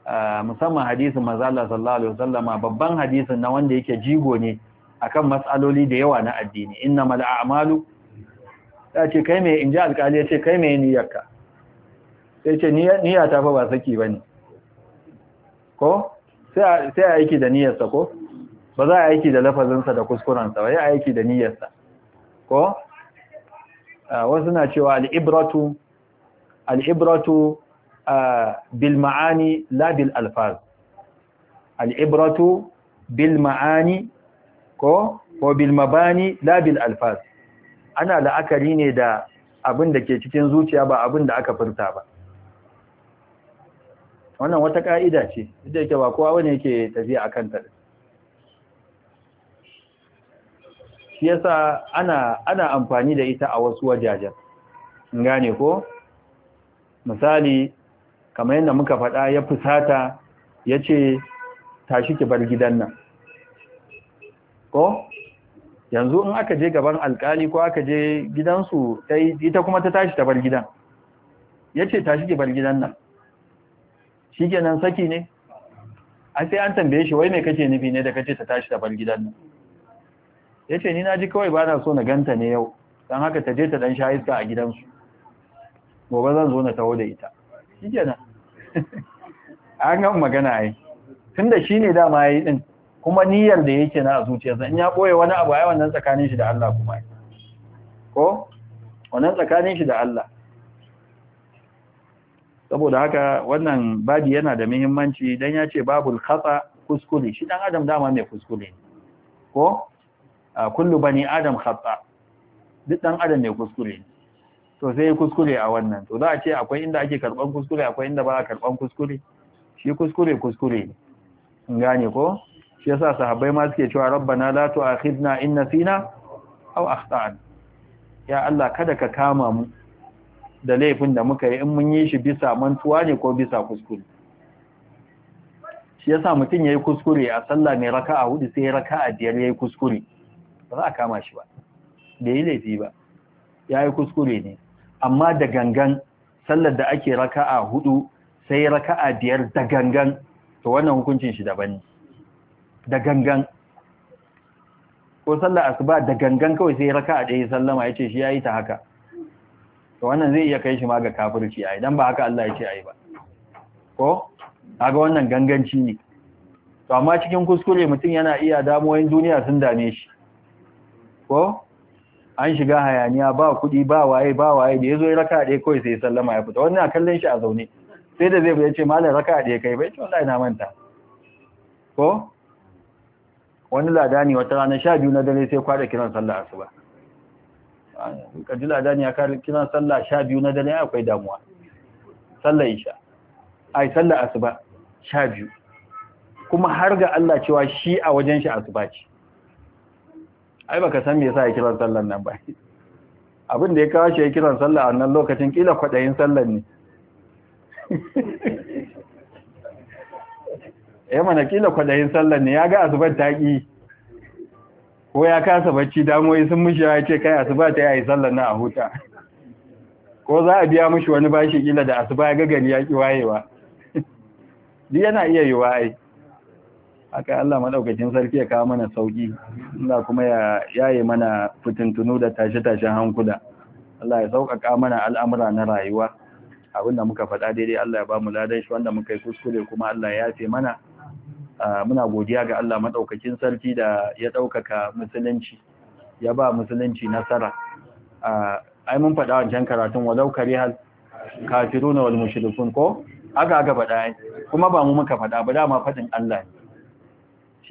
Speaker 1: ah, musamman hadisin mazala sallallahu alaihi wasallama babban hadisin na wanda yake jigo ne akan matsaloli da yawa na addini innamal a'malu ya ce kai mai inji alkali ya ce kai mai niyyarka sai ce niyya ta fa ba saki bane ko sai sai aiki da niyyarsa ko ba za a aiki da lafazinsa da kuskurensa ba ya aiki da niyyarsa ko wasu na cewa al'ibratu al'ibratu bil ma'ani la bil alfaz al'ibratu bil ma'ani ko ko bil mabani la alfaz ana la'akari ne da abin da ke cikin zuciya ba abin da aka furta ba wannan wata ka'ida ce duk da yake ba kowa wani yake tafiya akan kanta. shi yasa ana ana amfani da ita a wasu wajajen gane ko misali kamar yadda muka faɗa ya fusata ya ce tashi ki bar gidan nan ko yanzu in aka je gaban alkali ko aka je gidansu ita kuma ta tashi ta bar gidan ya ce tashi ki bar gidan nan shi kenan saki ne a sai an tambaye shi wai mai kake nufi ne da kace ta tashi ta bar gidan nan ya ce ni na ji kawai ba na so na ganta ne yau don haka ta je ta dan sha iska a gidansu gobe zan zo na taho da ita shi nan (laughs) an gan magana ai tun da shi ne dama ya yi ɗin kuma niyyar da yake na a zuciyarsa in ya ɓoye wani abu ai wannan tsakanin shi da Allah kuma ko wannan tsakanin shi da Allah saboda haka wannan babi yana da muhimmanci dan ya ce babul khata kuskure shi dan adam dama mai kuskure ko Ah, kullu bani adam khata duk dan adam ne kuskure to sai kuskure a wannan to za a ce akwai inda ake karban kuskure akwai inda ba a karban kuskure shi kuskure kuskure in gane ko shi yasa sahabbai ma suke cewa rabbana la tu'akhidna in nasina aw akhtana ya Allah kada ka kama mu da laifin da muka yi in mun yi shi bisa mantuwa ne ko bisa kuskure shi yasa mutum yayi kuskure a sallah mai raka'a hudu sai raka'a biyar yayi kuskure ba za a kama shi ba bai yi laifi ba ya yi kuskure ne amma da gangan sallar da ake raka'a hudu sai raka'a biyar da gangan to wannan hukuncin shi daban ne da gangan ko sallar asuba da gangan kawai sai raka'a ɗaya sallama ya ce shi ya yi ta haka to wannan zai iya kai shi ma ga kafirci a idan ba haka Allah ya ce a yi ba ko ga wannan ganganci ne to amma cikin kuskure mutum yana iya damuwoyin duniya sun dame shi ko an shiga hayaniya ba kuɗi ba waye ba waye da ya zo raka ɗaya kawai sai sallama ya fita wani a kallon shi a zaune sai da zai ya ce malam raka ɗaya kai bai ce wallahi na manta ko wani ladani wata rana sha biyu na dare sai kwada kiran sallah asuba ka ji ladani ya kiran sallah sha biyu na dare akwai damuwa sallah isha ai sallah asuba sha biyu kuma har ga Allah cewa shi a wajen shi asuba ce ai baka san me yasa ya kiran sallan nan ba abin da ya kawo shi ya kiran sallah a wannan lokacin kila kwadayin sallan ne (laughs) Eh mana kila kwadayin sallan ne ya ga asubar taki. ko ya kasa bacci damoyi sun mushi ya ce kai asuba ta yi sallan nan a huta ko za a biya mushi wani bashi kila da asuba ya gagari ya ki wayewa (laughs) duk yana iya yiwa ai haka Allah madaukakin sarki ya kawo mana sauki Allah kuma ya yaye mana fitintunu da tashe-tashen hankula Allah ya sauƙaƙa mana al'amura na rayuwa abinda muka faɗa daidai Allah ya ba mu ladan shi wanda muka yi kuskure kuma Allah ya yafe mana muna godiya ga Allah madaukakin sarki da ya ɗaukaka musulunci ya ba musulunci nasara ai mun faɗa wancan karatun walau karihal kafiruna wal mushrikun ko haka aka faɗa kuma ba mu muka faɗa ba dama faɗin Allah ne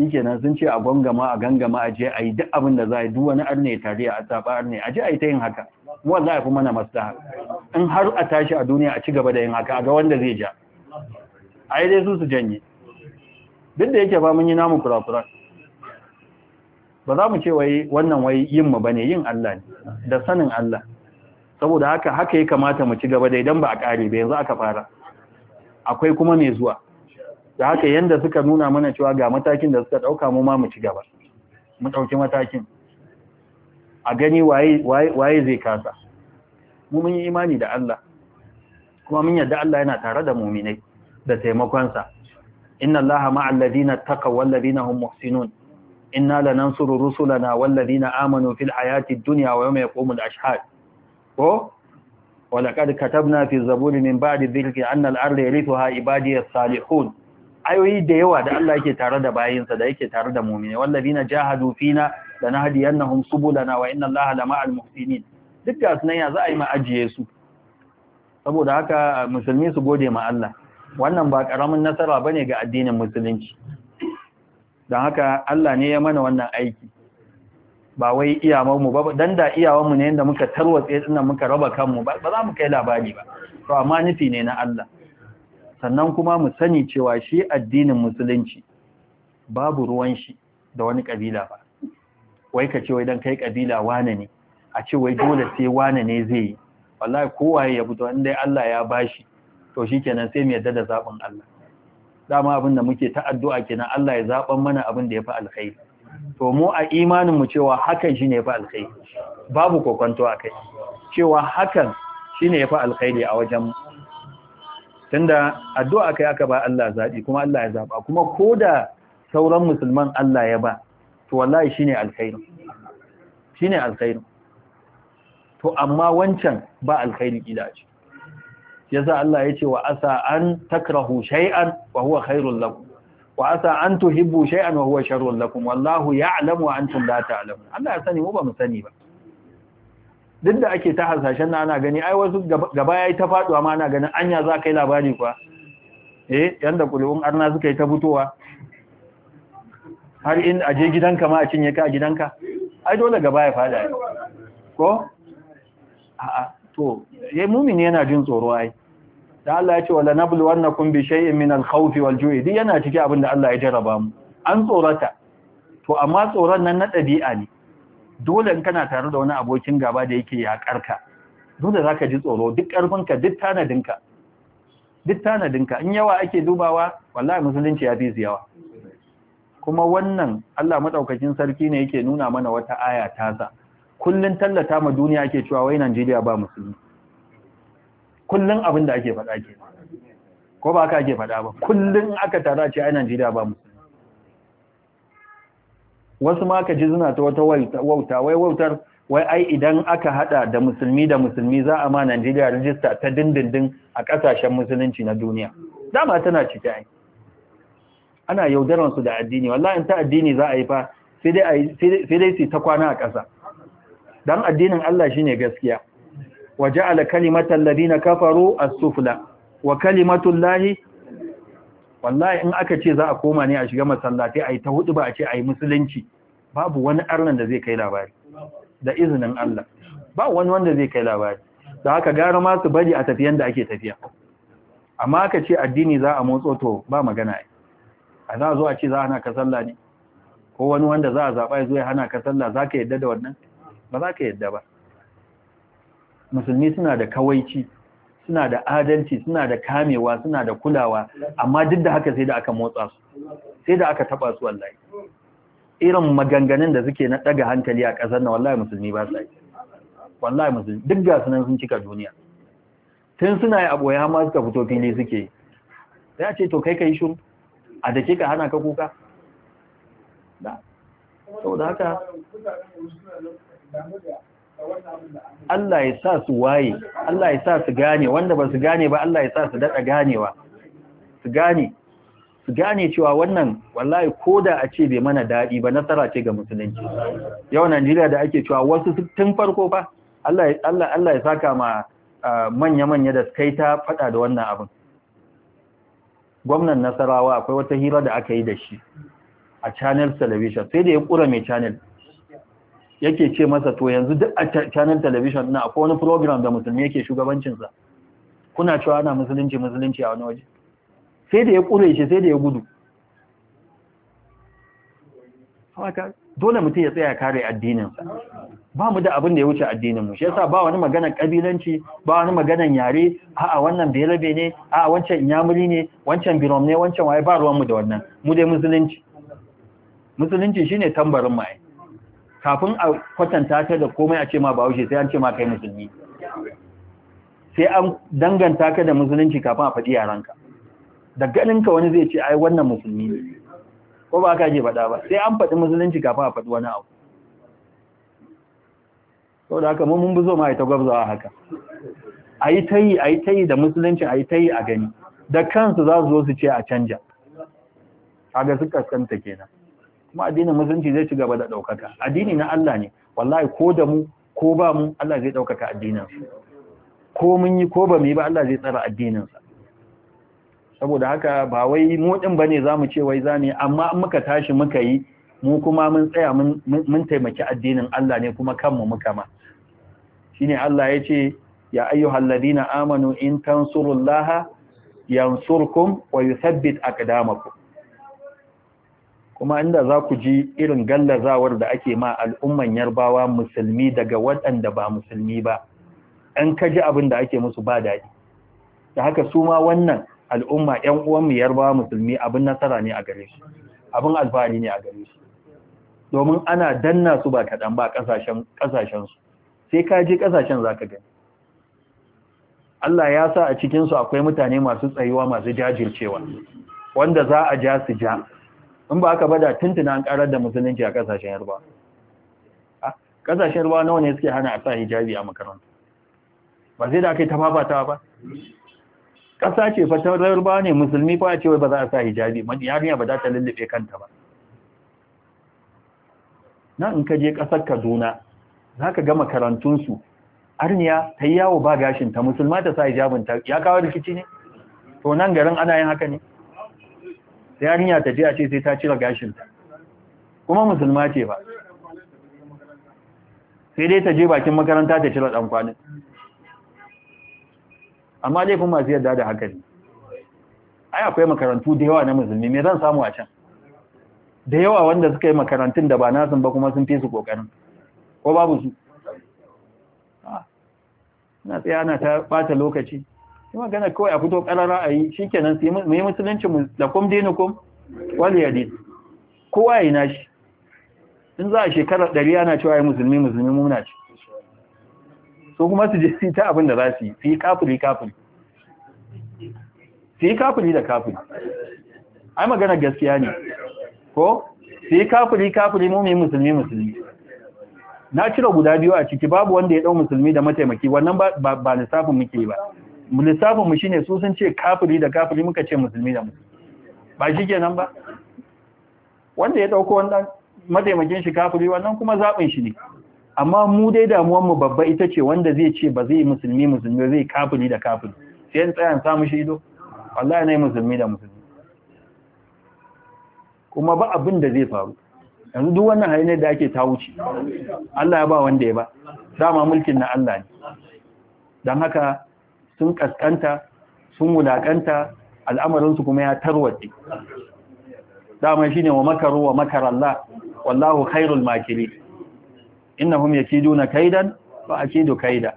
Speaker 1: shi kenan sun ce a gwangama a gangama a je a yi duk abin da za a yi duk wani arne tare a tsaba arne a je a yi ta yin haka wa za a fi mana maslaha in har a tashi a duniya a ci gaba da yin haka a ga wanda zai ja a yi dai su su janye duk da yake ba mun yi namu kurakuran ba za mu ce wai wannan wai yin mu bane yin Allah ne da sanin Allah saboda haka haka ya kamata mu ci gaba da idan ba a kare ba yanzu aka fara akwai kuma mai zuwa da haka yanda suka nuna mana cewa ga matakin da suka ɗauka mu ma mu ci gaba mu ɗauki matakin a gani waye zai kasa mu mun yi imani da Allah kuma mun yarda Allah yana tare da muminai da taimakonsa inna allaha ma'al ladina taqaw wal ladina hum muhsinun inna lanansuru rusulana wal ladina amanu fil hayati dunya wa yawma yaqumul ashhad ko ولقد كتبنا في الزبور من بعد الذكر أن الأرض يرثها عبادي الصالحون ayoyi da yawa da Allah yake tare da bayinsa da yake tare da mu'mini na jahadu fina lanahdiyannahum subulana wa inna Allaha lama'al muhsinin duk da sunan ya za a yi ma ajiye su saboda haka uh, musulmi su gode ma Allah wannan ba karamin nasara bane ga addinin musulunci don haka Allah ne ya mana wannan aiki ba wai iyawanmu ba dan da mu ne yadda muka tarwatse dinnan muka raba kanmu ba za mu kai labari ba to amma nufi ne na Allah sannan kuma mu sani cewa shi addinin musulunci babu ruwan shi da wani kabila ba wai ka ce wai dan kai kabila wane ne a ce wai dole sai wane ne zai yi wallahi kowaye ya fito in dai Allah ya bashi to shikenan sai mu yadda da zabin Allah dama abin da muke ta addu'a kenan Allah ya zaban mana abin da yafi alkhairi to mu a imanin mu cewa hakan shine fi alkhairi babu kokonto akai cewa hakan shine ya fi alkhairi a wajen tunda addu'a kai aka ba Allah zaɓi kuma Allah ya zaɓa kuma ko da sauran musulman Allah ya ba to wallahi shine alkhairi shine to amma wancan ba alkhairi kila yasa Allah ya ce wa asa an takrahu shay'an wa huwa khairul lakum wa asa an tuhibbu shay'an wa huwa sharrul lakum wallahu ya'lamu wa antum la ta'lamun Allah ya sani mu ba mu sani ba duk da ake ta hasashen na ana gani ai wasu gaba yi ta faduwa ma ana ganin anya za kai labari kuwa eh yanda kulun arna suka yi ta fitowa har in aje gidanka ma a cinye ka a gidanka ai dole gaba ya fada ko a'a to ya eh, mumin yana jin tsoro ai da Allah ya ce wala nablu wannakum bi shay'in min al-khawfi wal-ju'i yana cike abin da Allah ya jarraba mu an tsorata to amma tsoron nan na dabi'a ne dole in kana tare da wani abokin gaba da yake yakar ka dole zaka ji tsoro duk karfin ka duk tanadinka duk tanadinka in yawa ake dubawa wallahi musulunci ya fi yawa kuma wannan Allah madaukakin sarki ne yake nuna mana wata aya ta sa kullun tallata ma duniya ake cewa wai Najeriya ba musulmi kullun abin da ake faɗa ke ko ba ka ake faɗa ba kullun aka tara ce ai Najeriya ba musulmi wasu ma ka ji suna ta wata wauta wai wautar wai ai idan aka hada da musulmi da musulmi za a ma Najeriya rajista ta dindindin a kasashen musulunci na duniya dama tana ciki ai ana yaudaran su da addini wallahi in ta addini za a yi fa sai dai sai ta kwana a kasa dan addinin Allah shine gaskiya waja'ala kalimatal ladina kafaru as-sufla wa kalimatullahi wallahi in aka ce za a koma ne a shiga masallatai a yi ta hudu ba a ce a yi musulunci babu wani arnan da zai kai labari da izinin Allah ba wani wanda zai kai labari da haka gara ma su bari a tafiyan da ake tafiya amma aka ce addini za a motso to ba magana ai a za zo a ce za a hana ka sallah ne ko wani wanda za a zaɓa ya zo ya hana ka sallah za ka yadda da wannan ba za ka yadda ba musulmi suna da kawaici suna da adalci suna da kamewa suna da kulawa amma duk da haka sai da aka motsa su sai da aka taba su wallahi irin maganganun da suke na daga hankali a kasar na wallahi musulmi ba sai wallahi musulmi duk ga sunan sun cika duniya tun suna yi aboya amma suka fito fili suke sai a ce to kai kai shiru a dake ka hana ka kuka da saboda haka Allah ya sa su waye Allah ya sa su gane wanda ba su gane ba Allah ya sa su daɗa ganewa su gane su gane cewa wannan wallahi ko da a ce bai mana daɗi ba nasara ce ga musulunci yau Najeriya da ake cewa wasu tun farko ba, Allah Allah ya saka ma manya-manya da kai ta faɗa da wannan abin gwamnan nasarawa akwai wata hira da aka yi da shi a channel television sai da ya ƙura mai channel yake ce masa to yanzu duk a channel television na akwai wani program da musulmi yake shugabancinsa kuna cewa ana musulunci musulunci a wani waje sai da ya ƙure shi sai da ya gudu dole mutum ya tsaya kare addininsa ba mu da abin da ya wuce addininmu shi yasa ba wani magana kabilanci ba wani magana yare a'a wannan belabe ne a'a wancan inyamuri ne wancan birom ne wancan waye ba ruwanmu da wannan mu dai musulunci musulunci shine tambarin mu ai kafin a kwatanta ta da komai a ce ma bahaushe sai an ce ma kai musulmi sai an danganta ka da musulunci kafin a faɗi yaranka da ganinka wani zai ce ai wannan musulmi ne ko ba ka je faɗa ba sai an faɗi musulunci kafin a faɗi wani abu sau da haka mun buzo ma ita gwabzawa haka a yi ta yi a yi ta yi da musulunci a yi ta yi a gani da kansu za su zo su ce a canja kaga su kaskanta kenan kuma addinin musulunci zai ci gaba da ɗaukaka addini na Allah ne wallahi ko da mu ko ba mu Allah zai ɗaukaka addinin ko mun yi ko ba mu yi ba Allah zai tsara addinin sa saboda haka ba wai mu din bane zamu ce wai zamu amma in muka tashi muka yi mu kuma mun tsaya mun taimaki addinin Allah ne kuma kanmu muka ma shine Allah ya ce, ya Ladina amanu in tansurullaha yansurkum wa yuthabbit aqdamakum kuma inda za ku ji irin gallazawar da ake ma al'umman yarbawa musulmi daga waɗanda ba musulmi ba ka kaji abin da ake musu ba daɗi da haka su ma wannan al'umma ‘yan uwanmu yarbawa musulmi abin nasara ne a gare su abin alfahari ne a gare su domin ana danna su ba kaɗan ba ƙasashensu sai ka je ƙasashen za ka gani Allah ya sa a cikinsu akwai mutane masu tsayuwa masu jajircewa wanda za a ja su ja in ba aka bada tuntuna an karar da musulunci a kasashen yarba kasashen yarba nawa ne suke hana a sa hijabi a makaranta ba zai da aka yi ta fafata ba ƙasa ce fatar yarba ne musulmi fa ce wai ba za a sa hijabi yarinya ba za ta lullube kanta ba na in ka je ƙasar kaduna za ka ga makarantunsu arniya ta yi yawo ba gashin ta musulma ta sa hijabin ta ya kawo rikici ne to nan garin ana yin haka ne yarinya ta je a ce sai ta cire gashinta kuma musulma ce ba sai dai ta je bakin makaranta ta cire dan kwanin amma kuma masu yadda da haka ne ai akwai makarantu da yawa na musulmi me zan samu a can da yawa wanda suka yi makarantun da ba nasin ba kuma sun fi su kokarin ko babu su ah, na tsaye ana ta bata lokaci yi magana kawai a fito karara a yi shi kenan sai mu yi musulunci mu da kum dinukum wal yadin kowa yi nashi in za a shekarar ɗari ana cewa yi musulmi musulmi muna ci so kuma su je ta abin da za su yi su yi kafuli-kafuli? su yi kafuli da kafuli, ai magana gaskiya ne ko su yi kafuli-kafuli mu mummi musulmi musulmi na cire guda biyu a ciki babu wanda ya ɗau musulmi da mataimaki wannan ba lissafin muke ba lissafin mu shine su sun ce kafiri da kafiri muka ce musulmi da musulmi ba shi nan ba wanda ya dauko wannan mataimakin shi kafiri wannan kuma zaɓin shi ne amma mu dai damuwar mu babba ita ce wanda zai ce ba zai musulmi musulmi zai kafiri da kafiri sai in tsaya samu shi ido wallahi nai musulmi da musulmi kuma ba abin da zai faru yanzu duk wannan hayyar da ake ta wuce Allah ya ba wanda ya ba dama mulkin na Allah ne don haka sun kaskanta sun wulakanta al'amarinsu kuma ya tarwace dama shine wa makaru wa makar Allah wallahu khairul makiri innahum yakiduna kaidan fa akidu kaida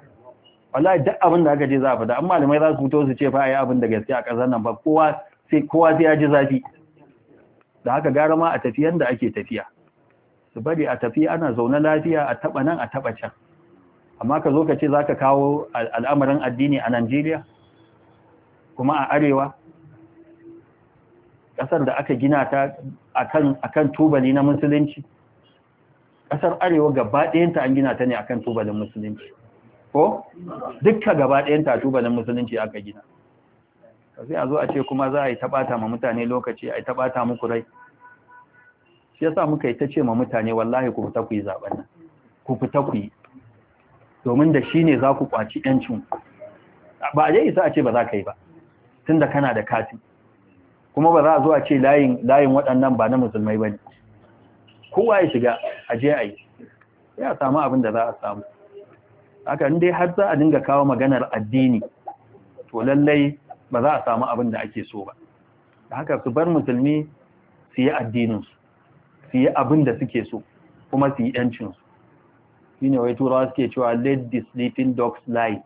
Speaker 1: wallahi duk abin da aka je za a fada amma malamai za su fito su ce fa abin da gaskiya a ƙasar nan ba kowa sai ya ji zafi da haka gara ma a tafiyan da ake tafiya su bari a tafi ana zaune lafiya a taba nan a taba can amma ka zo ka ce za ka kawo al'amarin addini a Najeriya kuma a arewa ƙasar da aka gina ta a kan tubali na musulunci ƙasar arewa gaba ɗayanta an gina ta ne a kan tubalin musulunci ko dukka gaba ɗayanta a tubalin musulunci aka gina sai a zo a ce kuma za a yi taɓata ma mutane lokaci a yi taɓata muku rai shi sa muka yi ta ce ma mutane wallahi ku fita ku yi zaɓen nan ku fita ku yi domin da shi ne za ku kwaci ‘yancinku ba a isa a ce ba za ka yi ba tun da kana da kati kuma ba za a zo a ce layin waɗannan ba na musulmai ba ne kowa ya shiga a je a yi ya samu abin da za a samu haka dai har za a dinga kawo maganar addini to lallai ba za a samu abin da ake so ba da haka su bar musulmi su yi addininsu su yi abin da suke so kuma su yi ‘yancinsu ne wai turawa suke cewa let the sleeping dogs lie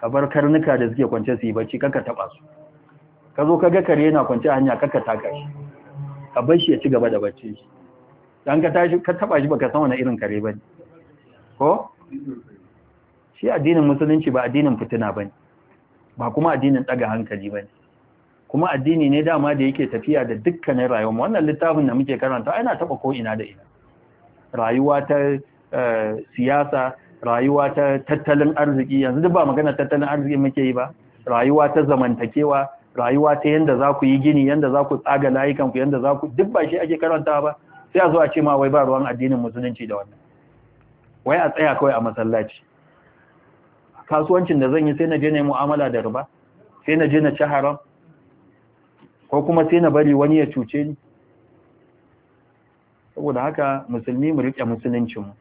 Speaker 1: ka bar karnuka da suke kwance su yi bacci kanka taba su ka zo ga kare yana kwance a hanya kaka taka shi ka bar shi ya ci gaba da bacci shi dan ka tashi ka taba shi baka san wani irin kare bane ko shi addinin musulunci ba addinin fitina bane ba kuma addinin daga hankali bane kuma addini ne dama da yake tafiya da dukkanin rayuwa wannan littafin da muke karanta ana taba ko ina da ina rayuwa ta Eh, siyasa rayuwa ta tattalin arziki yanzu duk ba magana tattalin arziki muke yi ba rayuwa ta zamantakewa rayuwa ta yanda za ku yi gini yanda za ku tsaga layukan ku yanda za ku duk ba shi ake karantawa ba sai a zo a ce ma wai ba ruwan addinin musulunci da wannan wai a tsaya kawai a masallaci kasuwancin da zan yi sai na je na yi mu'amala da riba sai na je na ci haram ko kuma sai na bari wani ya cuce ni saboda haka musulmi mu riƙe musuluncinmu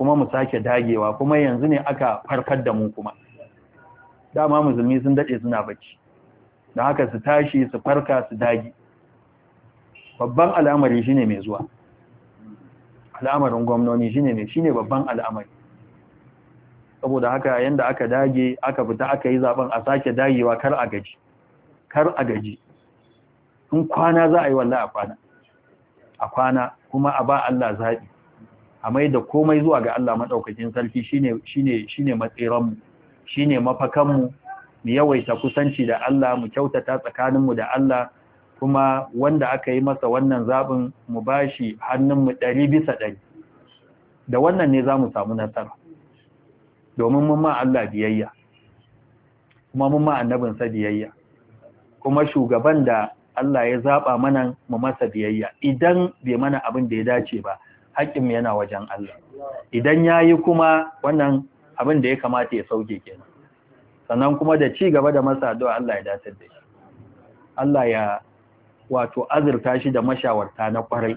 Speaker 1: kuma mu sake dagewa kuma yanzu ne aka farfar da mu kuma dama musulmi sun dade suna bacci da haka su tashi su farka su dage babban al'amari shine mai zuwa al'amarin gwamnati shine mai shine babban al'amari saboda haka yanda aka dage aka fita aka yi zaben a sake dagewa kar a gaji kar a gaji in kwana za a yi wallahi a kwana a kwana kuma a ba Allah zaɓi a mai da komai zuwa ga Allah maɗaukakin sarki shine shine shine matsiranmu shine mafakanmu mu yawaita kusanci da Allah mu kyautata tsakaninmu da Allah kuma wanda aka yi masa wannan zaɓin mu bashi hannunmu ɗari bisa ɗari da wannan ne za mu samu nasara domin mun ma Allah biyayya kuma mun ma annabinsa biyayya kuma shugaban da Allah ya zaɓa mana mu masa biyayya idan bai mana abin da ya dace ba haƙƙin yana wajen Allah idan yayi kuma wannan abin da ya kamata ya sauke kenan sannan kuma da ci gaba da masa addu'a Allah ya datar da shi Allah ya wato azurta shi da mashawarta na kwarai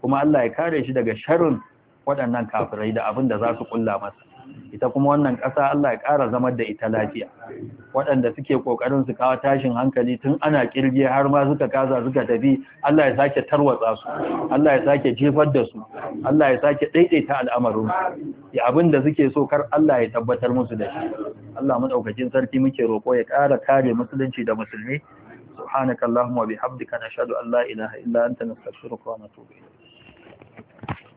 Speaker 1: kuma Allah ya kare shi daga sharrin waɗannan kafirai da abin da za su kulla masa ita kuma wannan ƙasa Allah ya ƙara zama da ita lafiya waɗanda suke ƙoƙarin su kawo tashin hankali tun ana ƙirge har ma suka kaza suka tafi Allah ya sake tarwatsa su Allah ya sake jefar da su Allah ya sake daidaita al'amarin ya abin da suke so kar Allah ya tabbatar musu da shi Allah madaukakin sarki muke roƙo ya ƙara kare musulunci da musulmi subhanakallahumma wa bihamdika nashhadu an la ilaha illa anta nastaghfiruka wa natubu ilayk